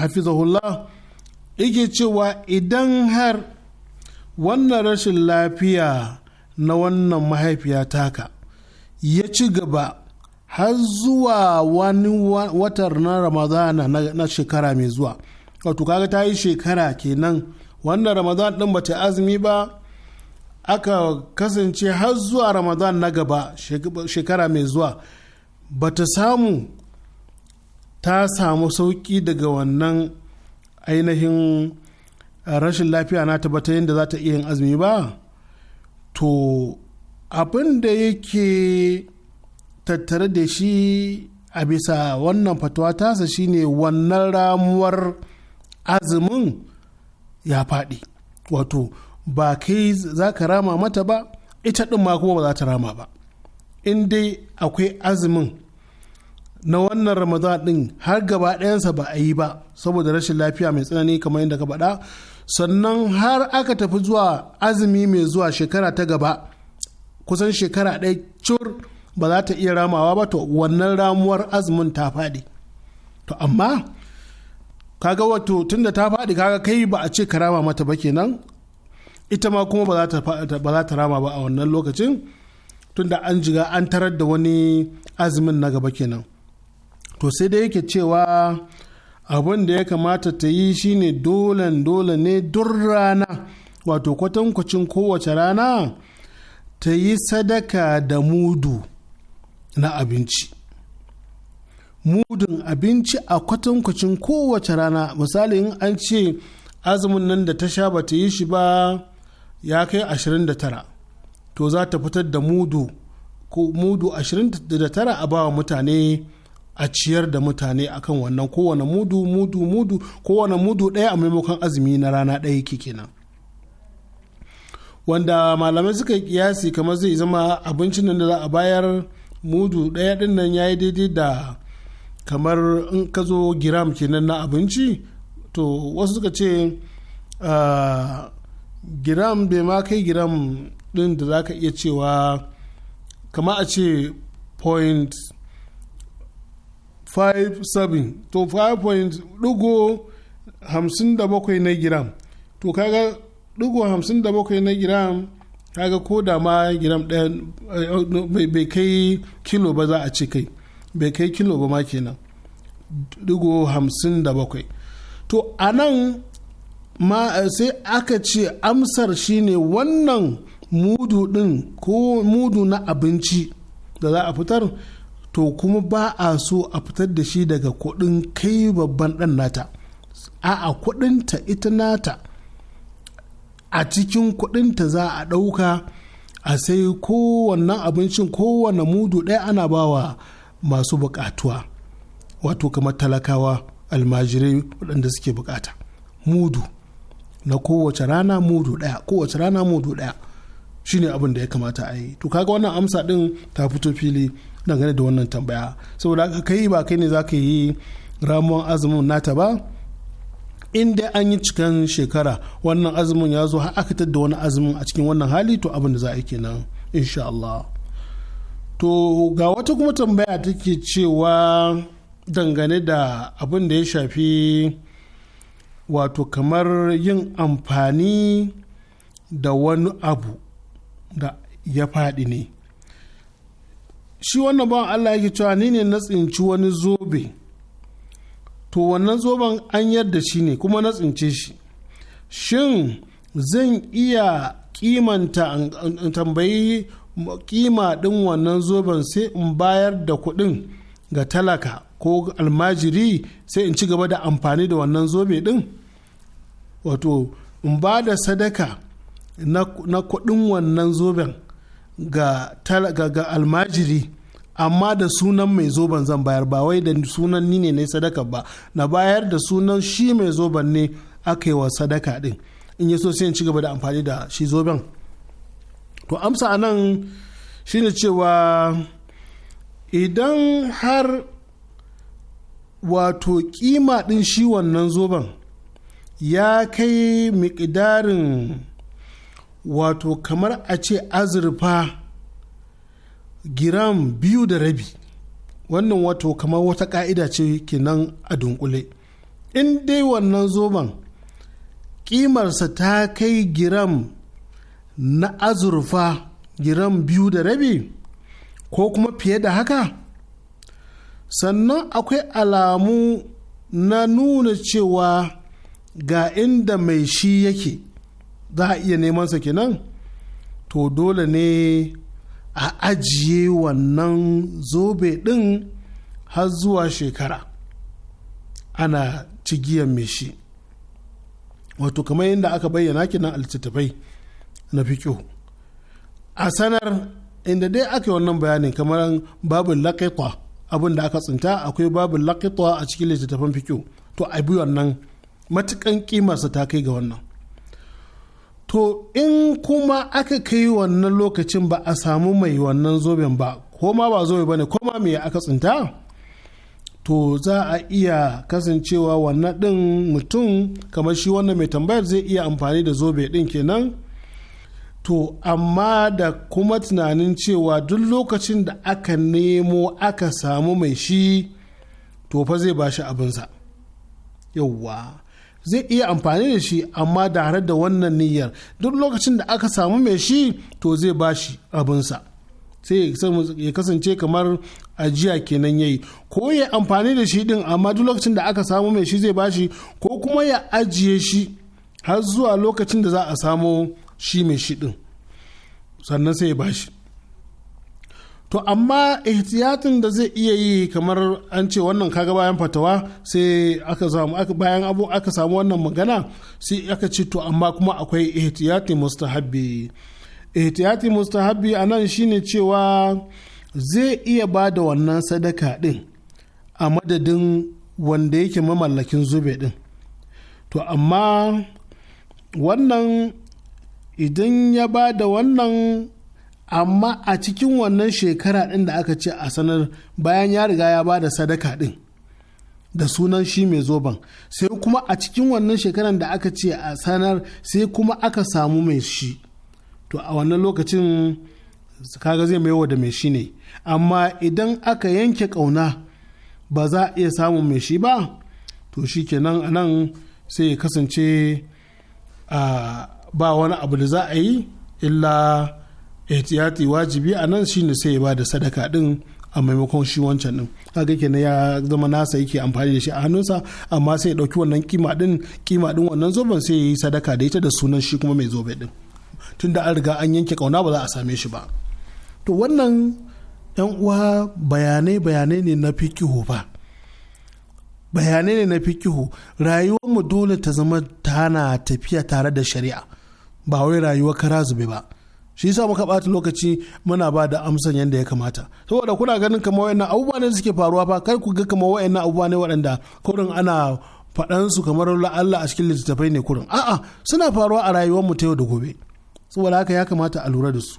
hafizahullah yake cewa idan har wannan rashin lafiya na wannan mahaifiya taka ya ci gaba har zuwa wani watar na ramadana na shekara mai zuwa wato kaga ta yi shekara kenan wannan ramadan din bata azumi ba aka kasance har zuwa ramadan na gaba shekara mai zuwa bata samu ta samu sauki daga wannan ainihin rashin lafiya na tabbata yadda za ta iya yin azumi ba to abin da yake tattare da shi a bisa wannan fatawa tasa shine wannan ramuwar azumin ya faɗi wato ba kai za ka rama mata ba ita ɗin ma kuma ba za ta rama ba in dai akwai azumin na wannan ramadan ɗin har gaba ɗayansa ba a yi ba saboda rashin lafiya mai tsanani kamar yadda ka faɗa sannan har aka tafi zuwa azumi mai zuwa shekara ta gaba kusan shekara ɗaya cur ba za ta iya ramawa ba to wannan ramuwar azumin ta faɗi to amma kaga wato tun da ta faɗi kaga kai ba a ce ka rama mata ba kenan ita ma kuma ba za ta rama ba a wannan lokacin tun da an jiga an tarar da wani azumin na gaba kenan to sai dai yake cewa abin da ya kamata ta yi shine dolan dole ne duk rana wato kwatankwacin kowace rana ta yi sadaka da mudu na abinci mudun abinci a kwatankwacin kowace rana misali in an ce azumin nan da ta sha bata yi shi ba ya kai 29 to za ta fitar da mudu ko mudu 29 a bawa mutane a ciyar da mutane akan wannan kowane mudu mudu mudu kowane mudu ɗaya a maimakon azumi na rana ɗaya ke kenan wanda malamai suka yi kiyasi kamar zai zama abincin da za a bayar mudu ɗaya ɗin nan ya yi daidai da kamar in ka zo giram kenan na abinci to wasu suka ce ah, giram bai ma kai giram ɗin da za ka iya cewa kama a ce point 5.7 to 5.57 na giram to kaga ɗigo 57 na giram kaga ko da ma giram ɗaya eh, bai kai kilo ba za a ce kai bai kai kilo ba ma kenan digo hamsin da bakwai to a nan ma eh, sai aka ce amsar shine wannan mudu ɗin ko mudu na abinci da za a fitar to kuma ba a so a fitar da shi daga kuɗin kai babban ɗan nata a'a kuɗinta ita nata a cikin kuɗinta za a ɗauka a sai kowannan abincin kowanne mudu ɗaya ana bawa masu buƙatuwa wato kamar talakawa almajirai waɗanda suke buƙata mudu na kowace rana mudu ɗaya kowace rana mudu ɗaya shine abin da ya kamata a yi to kaga wannan amsa ɗin ta fito fili dangane da wannan tambaya saboda haka kai ba kai ne za ka yi ramuwan azumin nata ba Inda an yi cikin shekara wannan azumin ya zo har aka da wani azumin a cikin wannan hali to abin da za a kenan insha Allah to ga wata kuma tambaya take cewa dangane da abin da ya shafi wato kamar yin amfani da wani abu da ya faɗi ne shi wannan bawan Allah yake cewa ni ne na tsinci wani zobe to wannan zoben an yarda shi ne kuma na tsince shi shin zan iya kimanta in tambayi kima din wannan zoben sai in bayar da kuɗin ga talaka ko almajiri sai in ci gaba da amfani da wannan zobe din wato in ba da sadaka na kuɗin wannan zoben ga almajiri amma da sunan mai zoben zan bayar ba wai da sunan ni ne na sadaka ba na bayar da sunan shi mai zoban ne aka yi wa sadaka din in yi so sai in ci gaba da amfani da shi zoben to amsa a nan ne cewa idan har wato kima din shi wannan zoben ya kai miƙidarin wato kamar a ce azurfa giram biyu da rabi wannan wato kamar wata ka'ida ce kenan a dunkule in dai wannan zoben kimarsa ta kai giram na azurfa giram biyu da rabi ko kuma fiye da haka sannan akwai alamu na nuna cewa ga inda mai shi yake za a iya nemansa kenan to dole ne a ajiye wannan zobe ɗin har zuwa shekara ana cigiyar mai shi wato kamar yadda aka bayyana kinan alcitabai na fiƙo a sanar inda dai aka yi wannan bayanin kamar babin laƙaƙwa abin da aka tsinta akwai babin laƙaƙwa a cikin littattafan fiƙo to a bi wannan matukan kimarsa ta kai ga wannan to in kuma aka kai wannan lokacin ba a samu mai wannan zoben ba ko ma ba zobe ba ne ko ma aka tsinta to za a iya kasancewa wannan ɗin mutum kamar shi wannan mai tambayar zai iya amfani da zobe ɗin kenan to amma da kuma tunanin cewa duk lokacin da aka nemo aka samu mai shi to fa zai ba shi abinsa yauwa zai iya amfani da shi amma da har da wannan niyyar duk lokacin da aka samu mai shi to zai ba shi abinsa sai ya kasance kamar ajiya kenan yayi ko ya amfani da shi din amma duk lokacin da aka samu mai shi zai ba shi ko kuma ya ajiye shi har zuwa lokacin da za a samu shi mai shi din sannan sai ya ba shi to amma ihtiyatin da zai iya yi kamar an ce wannan kaga bayan fatawa sai aka samu bayan abu aka samu wannan magana sai aka ce to amma kuma akwai ihtiyati mustahabbi ihtiyati mustahabbi anan shine cewa zai iya ba da wannan sadaka din a madadin wanda yake mamallakin zube din to amma wannan idan ya ba da wannan amma a cikin wannan shekara ɗin da aka ce a sanar bayan ya riga ya ba da sadaka ɗin da sunan shi mai zoban sai kuma a cikin wannan shekaran da aka ce a sanar sai kuma aka samu mai shi to a wannan lokacin kaga zai mai da mai shi ne amma idan aka yanke ƙauna ba za a iya samun mai shi ba to shi kenan a nan sai ya kasance ah, ba wani abu da za a yi illa ihtiyati wajibi a nan shine sai ya ba da sadaka din a maimakon shi wancan din kaga kenan ya zama nasa yake amfani da shi a hannunsa amma sai ya dauki wannan kima din kima din wannan zoben sai ya yi sadaka da ita da sunan shi kuma mai zobe din tunda an riga an yanke kauna ba za a same shi ba to wannan yan uwa bayanai bayanai ne na fikihu ba bayanai ne na fikihu rayuwarmu dole ta zama tana tafiya tare da shari'a ba wai rayuwar kara zube ba shi yasa muka bata lokaci muna ba da amsan yadda ya kamata saboda kuna ganin kamar wayannan abubuwa ne suke faruwa fa kai ku ga kamar wayannan abubuwa ne waɗanda kurin ana faɗan su kamar Allah a cikin littattafai ne kurin a'a suna faruwa a rayuwar mu ta yau da gobe saboda haka ya kamata a lura da su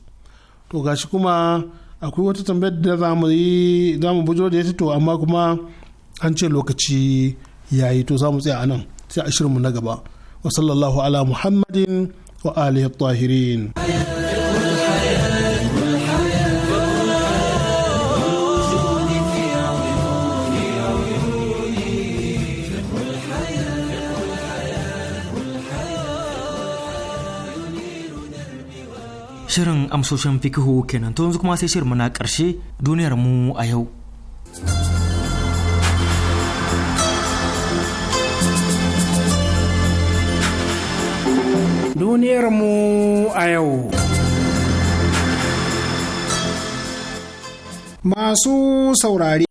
to gashi kuma akwai wata tambayar da za mu yi za mu bujo da ita to amma kuma an ce lokaci yayi to za mu tsaya a nan sai a shirin mu na gaba wa sallallahu ala muhammadin wa alihi tahirin Shirin amsoshin fikihu kenan to yanzu kuma sai shirin na ƙarshe duniyar mu a yau. Duniyar mu a yau. Masu saurari.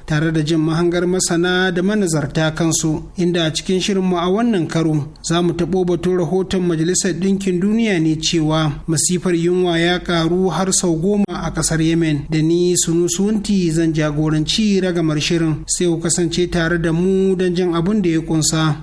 tare da jin mahangar masana da manazarta kansu inda a cikin shirinmu a wannan karo za mu taɓo batun rahoton majalisar ɗinkin duniya ne cewa masifar yunwa ya ƙaru har sau goma a ƙasar yemen da ni sunusunti zan jagoranci ragamar shirin sai ku kasance tare da mu don jin abin da ya ƙunsa.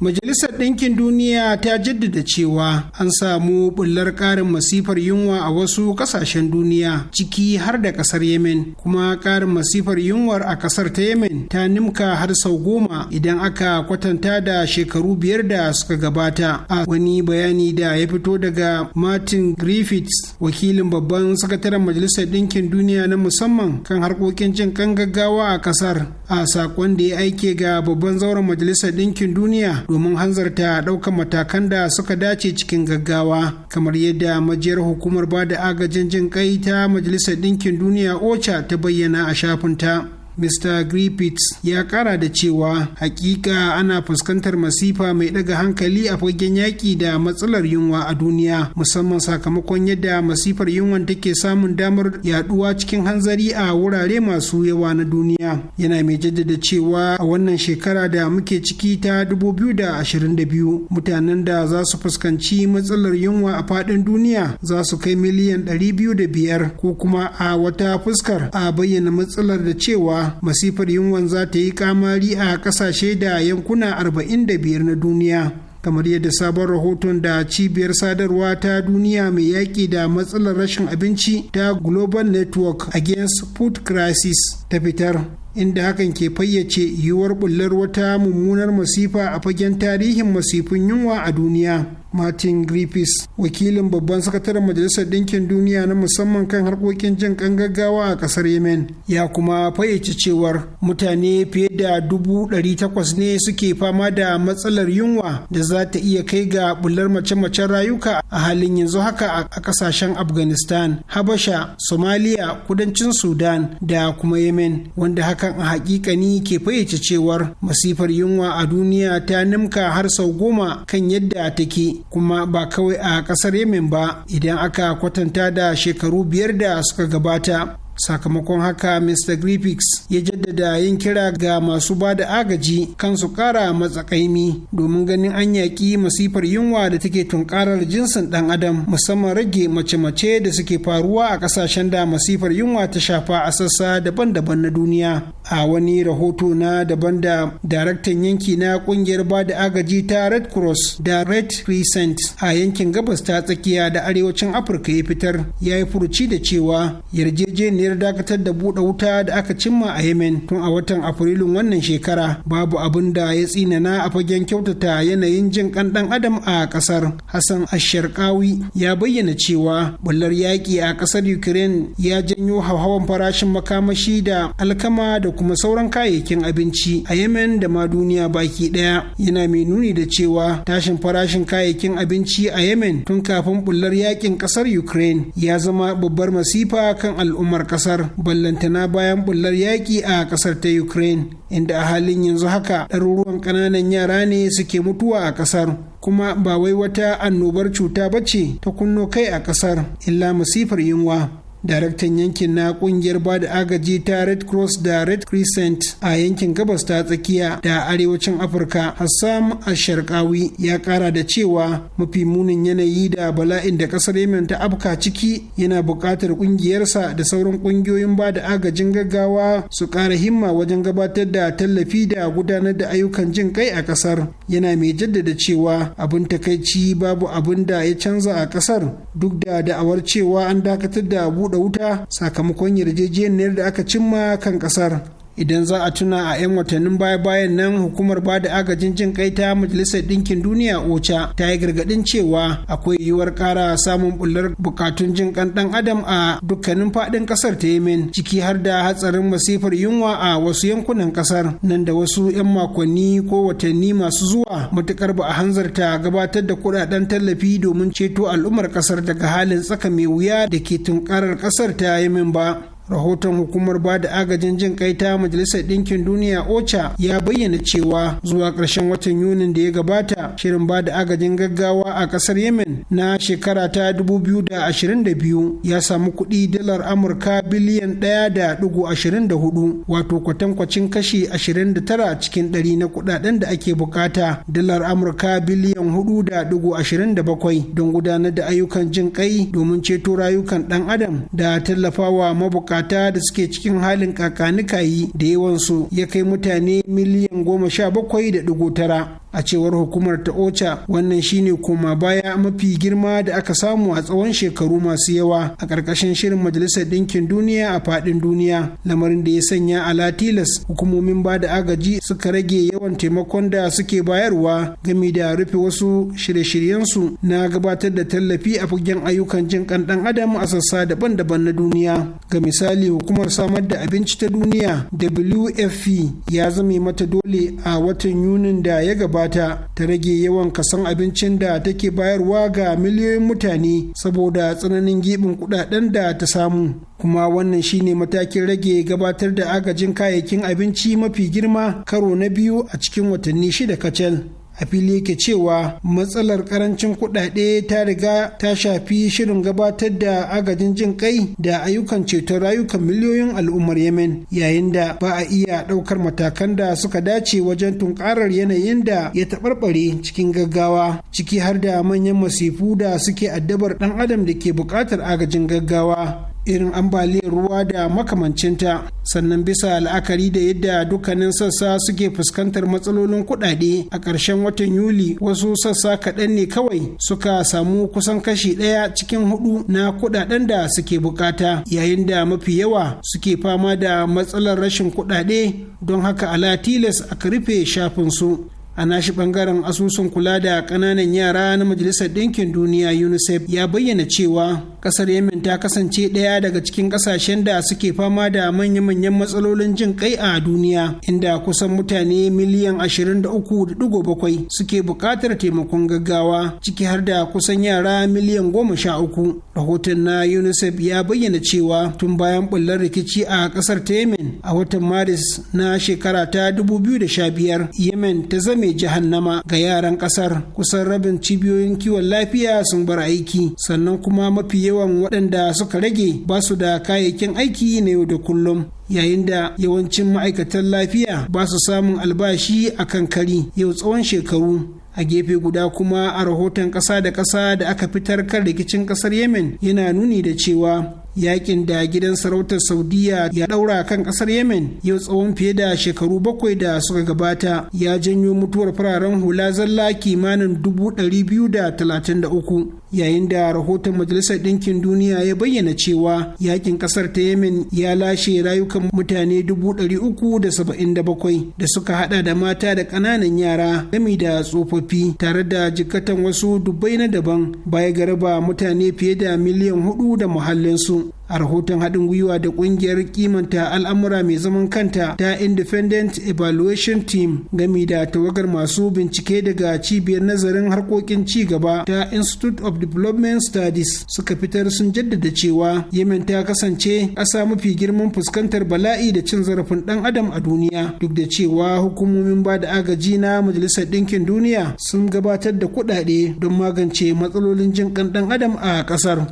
Majalisar Ɗinkin Duniya ta jaddada cewa an samu bullar ƙarin masifar yunwa a wasu ƙasashen duniya ciki har da ƙasar Yemen, kuma ƙarin masifar yunwar a ƙasar ta Yemen ta nimka har sau goma idan aka kwatanta da shekaru biyar da suka gabata. A wani bayani da ya fito daga Martin Griffiths, wakilin babban sakataren Majalisar Ɗinkin Duniya na musamman kan harkokin jin kan gaggawa a ƙasar, a saƙon da ya aike ga babban zauren Majalisar Ɗinkin Duniya domin hanzarta ɗaukar matakan da suka dace cikin gaggawa kamar yadda majiyar hukumar ba da agajin jin kai ta majalisar ɗinkin duniya ocha ta bayyana a shafinta Mr. Griffiths ya kara da cewa hakika ana fuskantar masifa mai daga hankali a fagen yaƙi da matsalar yunwa a duniya musamman sakamakon yadda masifar yunwan take samun damar yaduwa cikin hanzari a wurare masu yawa na duniya. Yana mai jaddada cewa a wannan shekara da muke ciki ta 2022 mutanen da za su fuskanci matsalar yunwa a faɗin duniya za su kai miliyan 205 ko kuma a wata fuskar a bayyana matsalar da cewa masifar yunwan za ta yi kamari a ƙasashe da yankuna arba'in da biyar na duniya kamar yadda sabon rahoton da cibiyar sadarwa ta duniya mai yaƙi da matsalar rashin abinci ta global network against food crisis ta fitar inda hakan ke fayyace yiwuwar bullar wata mummunar masifa a fagen tarihin masifin yunwa a duniya martin griffiths wakilin babban sakataren majalisar Dinkin duniya na musamman kan harkokin jin kan gaggawa a ƙasar yemen ya kuma fayyace cewar mutane fiye da dubu ɗari takwas ne suke fama da matsalar yunwa da za ta iya kai ga bular mace-macen rayuka a halin yanzu haka a kasashen afghanistan habasha Somalia, kudancin sudan da kuma yemen wanda hakan a hakikani ke fayyace cewar masifar yunwa a duniya ta nimka har sau goma kan yadda take kuma ba kawai a ƙasar yemen ba idan aka kwatanta da shekaru biyar da suka gabata sakamakon haka mr griffiths ya jaddada yin kira ga masu ba da agaji kan su kara matsakaimi domin ganin an yaƙi masifar yunwa da take tunkarar jinsin ɗan adam musamman rage mace-mace da suke faruwa a ƙasashen da masifar yunwa ta shafa a sassa daban-daban na duniya a wani rahoto na daban da daraktan yanki na kungiyar ba da agaji ta red cross da red crescent a yankin gabas ta tsakiya da arewacin afirka ya fitar ya yi furuci da cewa yarjejeniyar dakatar da buɗe wuta da aka cimma a yemen tun a watan afrilun wannan shekara babu abin da ya tsinana a fagen kyautata yanayin jin kan dan adam a kasar hassan asharkawi ya bayyana cewa bullar yaƙi a kasar ukraine ya janyo hauhawan farashin makamashi da alkama da kuma sauran kayayyakin abinci a yemen da ma duniya baki ɗaya yana mai nuni da cewa tashin farashin kayayyakin abinci a yemen tun kafin bullar yakin kasar ukraine ya zama babbar masifa kan al'ummar kasar ballantana bayan bullar yaki a kasar ta ukraine inda a halin yanzu haka ɗaruruwan ƙananan yara ne suke mutuwa a kasar kuma ba wai wata annobar cuta bace ta kunno kai a kasar illa masifar yunwa daraktan yankin na kungiyar ba da agaji ta red cross da red crescent a yankin gabas ta tsakiya da arewacin afirka hassam asharkawi ya kara da cewa mafi munin yanayi da bala'in da kasar yemen ta afka ciki yana buƙatar kungiyarsa da sauran kungiyoyin ba da agajin gaggawa su ƙara himma wajen gabatar da tallafi da gudanar da ayyukan jin kai a kasar yana mai jaddada cewa abin takaici babu abin da ya canza a kasar duk da da'awar cewa an dakatar da abu buɗe wuta sakamakon yarjejeniyar da aka cimma kan ƙasar idan za a tuna a 'yan watannin baya-bayan nan hukumar ba da agajin jin kai ta majalisar ɗinkin duniya ocha ta yi gargaɗin cewa akwai yiwuwar ƙara samun bullar bukatun jin kan ɗan adam a dukkanin faɗin ƙasar ta yemen ciki har da hatsarin masifar yunwa a wasu yankunan ƙasar nan da wasu 'yan makonni ko watanni masu zuwa matukar ba a hanzarta gabatar da kuɗaɗen tallafi domin ceto al'ummar ƙasar daga halin tsaka mai wuya da ke tunkarar ƙasar ta yemen ba rahoton hukumar ba da agajin jin kai ta majalisar ɗinkin duniya ocha ya bayyana cewa zuwa ƙarshen watan yunin da ya gabata shirin ba da agajin gaggawa a ƙasar yemen na shekara ta 2022 ya samu kuɗi dalar amurka biliyan 1.24 wato kwatankwacin kashi 29 cikin 100 na kuɗaɗen da ake bukata dalar amurka biliyan 4.27 don gudanar da ayyukan jin kai domin ceto rayukan ɗan adam da tallafawa mabuƙata mata da suke cikin halin kakanikayi da yawansu ya kai mutane miliyan goma sha bakwai da ɗigo tara a cewar hukumar ta ocha wannan shine koma baya mafi girma da aka samu a tsawon shekaru masu yawa a ƙarƙashin shirin majalisar ɗinkin duniya a faɗin duniya lamarin da ya sanya ala tilas hukumomin ba da agaji suka rage yawan taimakon da suke bayarwa game da rufe wasu shirye-shiryensu na gabatar da tallafi a fagen ayyukan jin kan ɗan adam a sassa daban-daban na duniya ga misali hukumar samar da abinci ta duniya wfp ya zame mata dole a watan yunin da ya gaba. gabata ta rage yawan kasan abincin da take bayarwa ga miliyoyin mutane saboda tsananin gibin kudaden da ta samu kuma wannan shine matakin rage gabatar da agajin kayayyakin abinci mafi girma karo na biyu a cikin watanni shida kacal a fili yake cewa matsalar karancin kuɗaɗe ta riga ta shafi shirin gabatar da agajin jin kai da ayyukan ceton rayukan miliyoyin al'ummar yemen yayin da ba a iya ɗaukar matakan da suka dace wajen tunkarar yanayin da ya taɓarɓare cikin gaggawa ciki har da manyan masifu da suke addabar ɗan adam da ke buƙatar agajin gaggawa irin ambaliyar ruwa da makamancinta sannan bisa la'akari da yadda dukkanin sassa suke fuskantar matsalolin kudade a ƙarshen watan yuli wasu sassa kaɗan ne kawai suka samu kusan kashi ɗaya cikin hudu na kudaden da suke bukata yayin da mafi yawa suke fama da matsalar rashin kudade don haka ala tilas a rufe shafin su a nashi bangaren asusun kula da kananan yara na majalisar ɗinkin duniya unicef ya bayyana cewa ƙasar yemen ta kasance ɗaya daga cikin ƙasashen da suke fama da manya-manyan matsalolin jin kai a duniya inda kusan mutane miliyan 23.7 suke buƙatar taimakon gaggawa ciki har da kusan yara miliyan 13 rahoton na unicef ya bayyana cewa tun bayan bullar rikici a ƙasar ta yemen a watan maris na shekara ta 2015 yemen ta zame mai jahannama ga yaran kasar kusan rabin cibiyoyin kiwon lafiya sun bar aiki sannan kuma mafi yawan waɗanda suka rage ba su da kayayyakin aiki na yau da kullum yayin da yawancin ma'aikatan lafiya ba su samun albashi a kan kari yau tsawon shekaru a gefe guda kuma a rahoton ƙasa da ƙasa da aka fitar kan rikicin ƙasar yemen yana nuni da cewa yakin da gidan sarautar saudiya ya daura kan kasar yemen yau tsawon fiye da shekaru bakwai da suka gabata ya janyo mutuwar fararen hula zalla kimanin dubu ɗari biyu da talatin da uku yayin da rahoton majalisar ɗinkin duniya ya bayyana cewa yakin kasar ta yemen ya lashe rayukan mutane dubu ɗari uku da saba'in da bakwai da suka hada da mata da ƙananan yara gami da tsofaffi tare da jikatan wasu dubbai na daban baya garba mutane fiye da miliyan hudu da muhallinsu a rahoton haɗin gwiwa da ƙungiyar kimanta al'amura mai zaman kanta ta independent evaluation team gami da tawagar masu bincike daga cibiyar nazarin harkokin ci gaba ta institute of development studies suka fitar sun jaddada cewa yemen ta kasance ƙasa mafi girman fuskantar bala'i da cin zarafin ɗan adam a duniya duk da cewa hukumomin ba da agaji na majalisar ɗinkin duniya sun gabatar da kuɗaɗe don magance matsalolin jin ɗan adam a ƙasar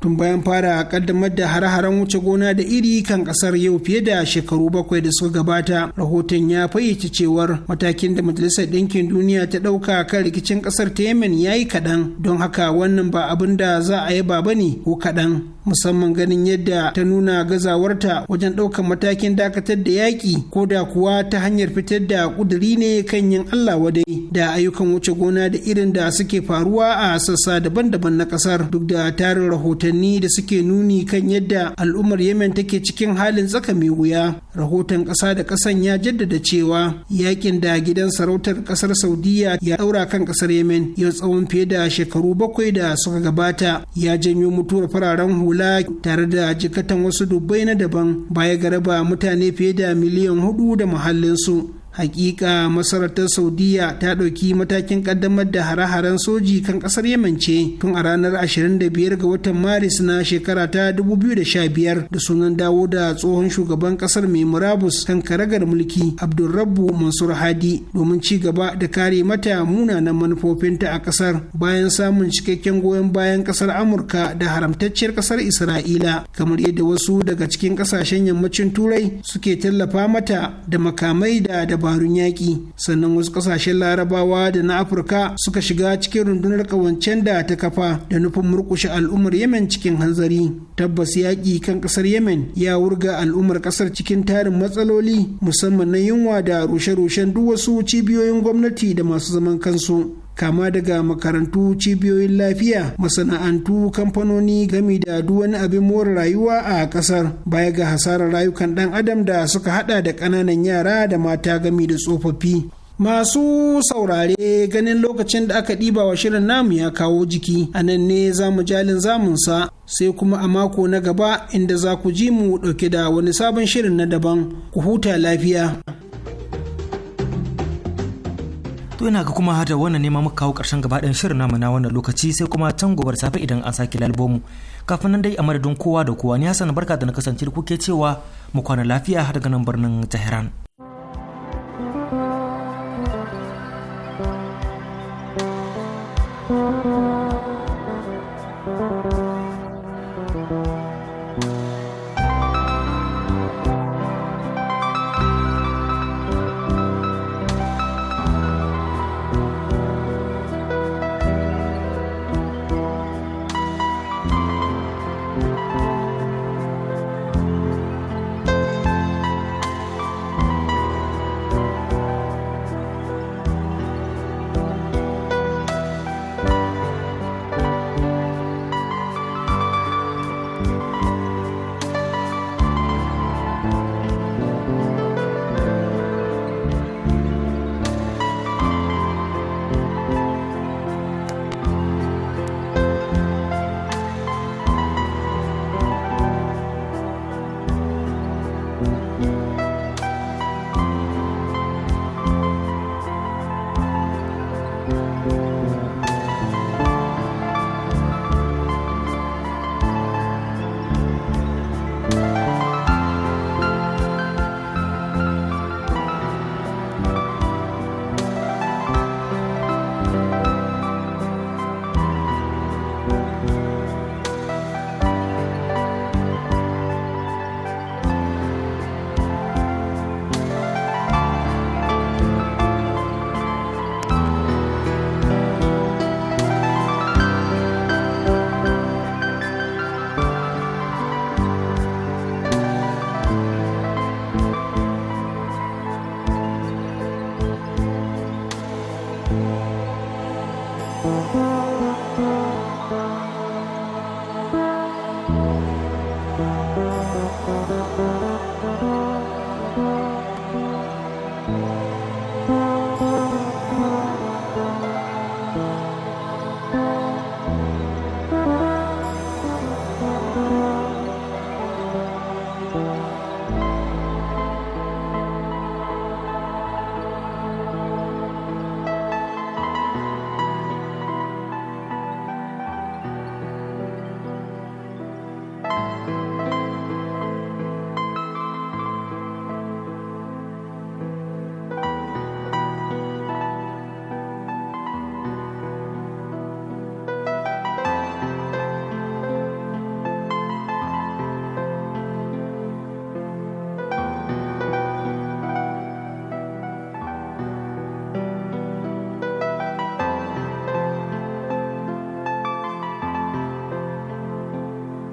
tun bayan fara kaddamar da har haren wuce gona da iri kan kasar yau fiye da shekaru bakwai da suka gabata rahoton ya fayyace cewar matakin da majalisar ɗinkin duniya ta ɗauka kan rikicin kasar ta yemen ya yi kaɗan don haka wannan ba abin da za a yaba ba ne ko kaɗan musamman ganin yadda ta nuna gazawarta wajen ɗaukar matakin dakatar da yaƙi ko da kuwa ta hanyar fitar da ƙuduri ne kan yin Allah wadai da ayyukan wuce gona da irin da suke faruwa a sassa daban-daban na ƙasar duk da tarin rahotanni da suke nuni kan yadda al'ummar Yemen take cikin halin tsaka mai wuya. Rahoton ƙasa da ƙasan ya jaddada cewa yaƙin da gidan sarautar ƙasar Saudiya ya ɗaura kan ƙasar Yemen yau tsawon fiye da shekaru bakwai da suka gabata ya janyo mutuwar fararen hula hula tare da jikatan wasu dubbai na daban baya garaba mutane fiye da miliyan hudu da muhallinsu hakika masarautar saudiya ta ɗauki matakin ƙaddamar da hare-haren soji kan ƙasar yemen ce tun a ranar 25 ga watan maris na shekara ta 2015 da sunan dawo da tsohon shugaban ƙasar mai murabus kan karagar mulki abdulrabbu mansur hadi domin ci gaba da kare mata munanan manufofinta a ƙasar bayan samun cikakken goyon bayan ƙasar amurka da haramtacciyar ƙasar isra'ila kamar yadda wasu daga cikin ƙasashen yammacin turai suke tallafa mata da makamai da dabarun yaƙi sannan wasu ƙasashen larabawa da na afirka suka shiga cikin rundunar ƙawancen da ta kafa da nufin murƙushe al'ummar yemen cikin hanzari tabbas yaƙi kan ƙasar yemen ya wurga al'ummar ƙasar cikin tarin matsaloli musamman na yunwa da rushe-rushen duk wasu cibiyoyin gwamnati da masu zaman kansu kama daga makarantu cibiyoyin lafiya masana'antu kamfanoni gami da wani abin more rayuwa a kasar baya ga hasarar rayukan dan adam da suka hada da kananan yara da mata gami da tsofaffi Masu saurare ganin lokacin da aka ɗiba wa shirin namu ya kawo jiki, a nan ne za mu jalin zamunsa sai kuma a mako na gaba inda za ku ji mu ɗauke da wani sabon shirin na daban, ku huta lafiya. To ina ga kuma da wannan nema muka kawo ƙarshen gaba ɗayan shirin namu na wannan lokaci sai kuma can gobar safe idan an sake lalbomu. Kafin nan dai a madadin kowa da kowa ni Hassan barka da na kasance da kuke cewa mu kwana lafiya har ga nan birnin Tehran.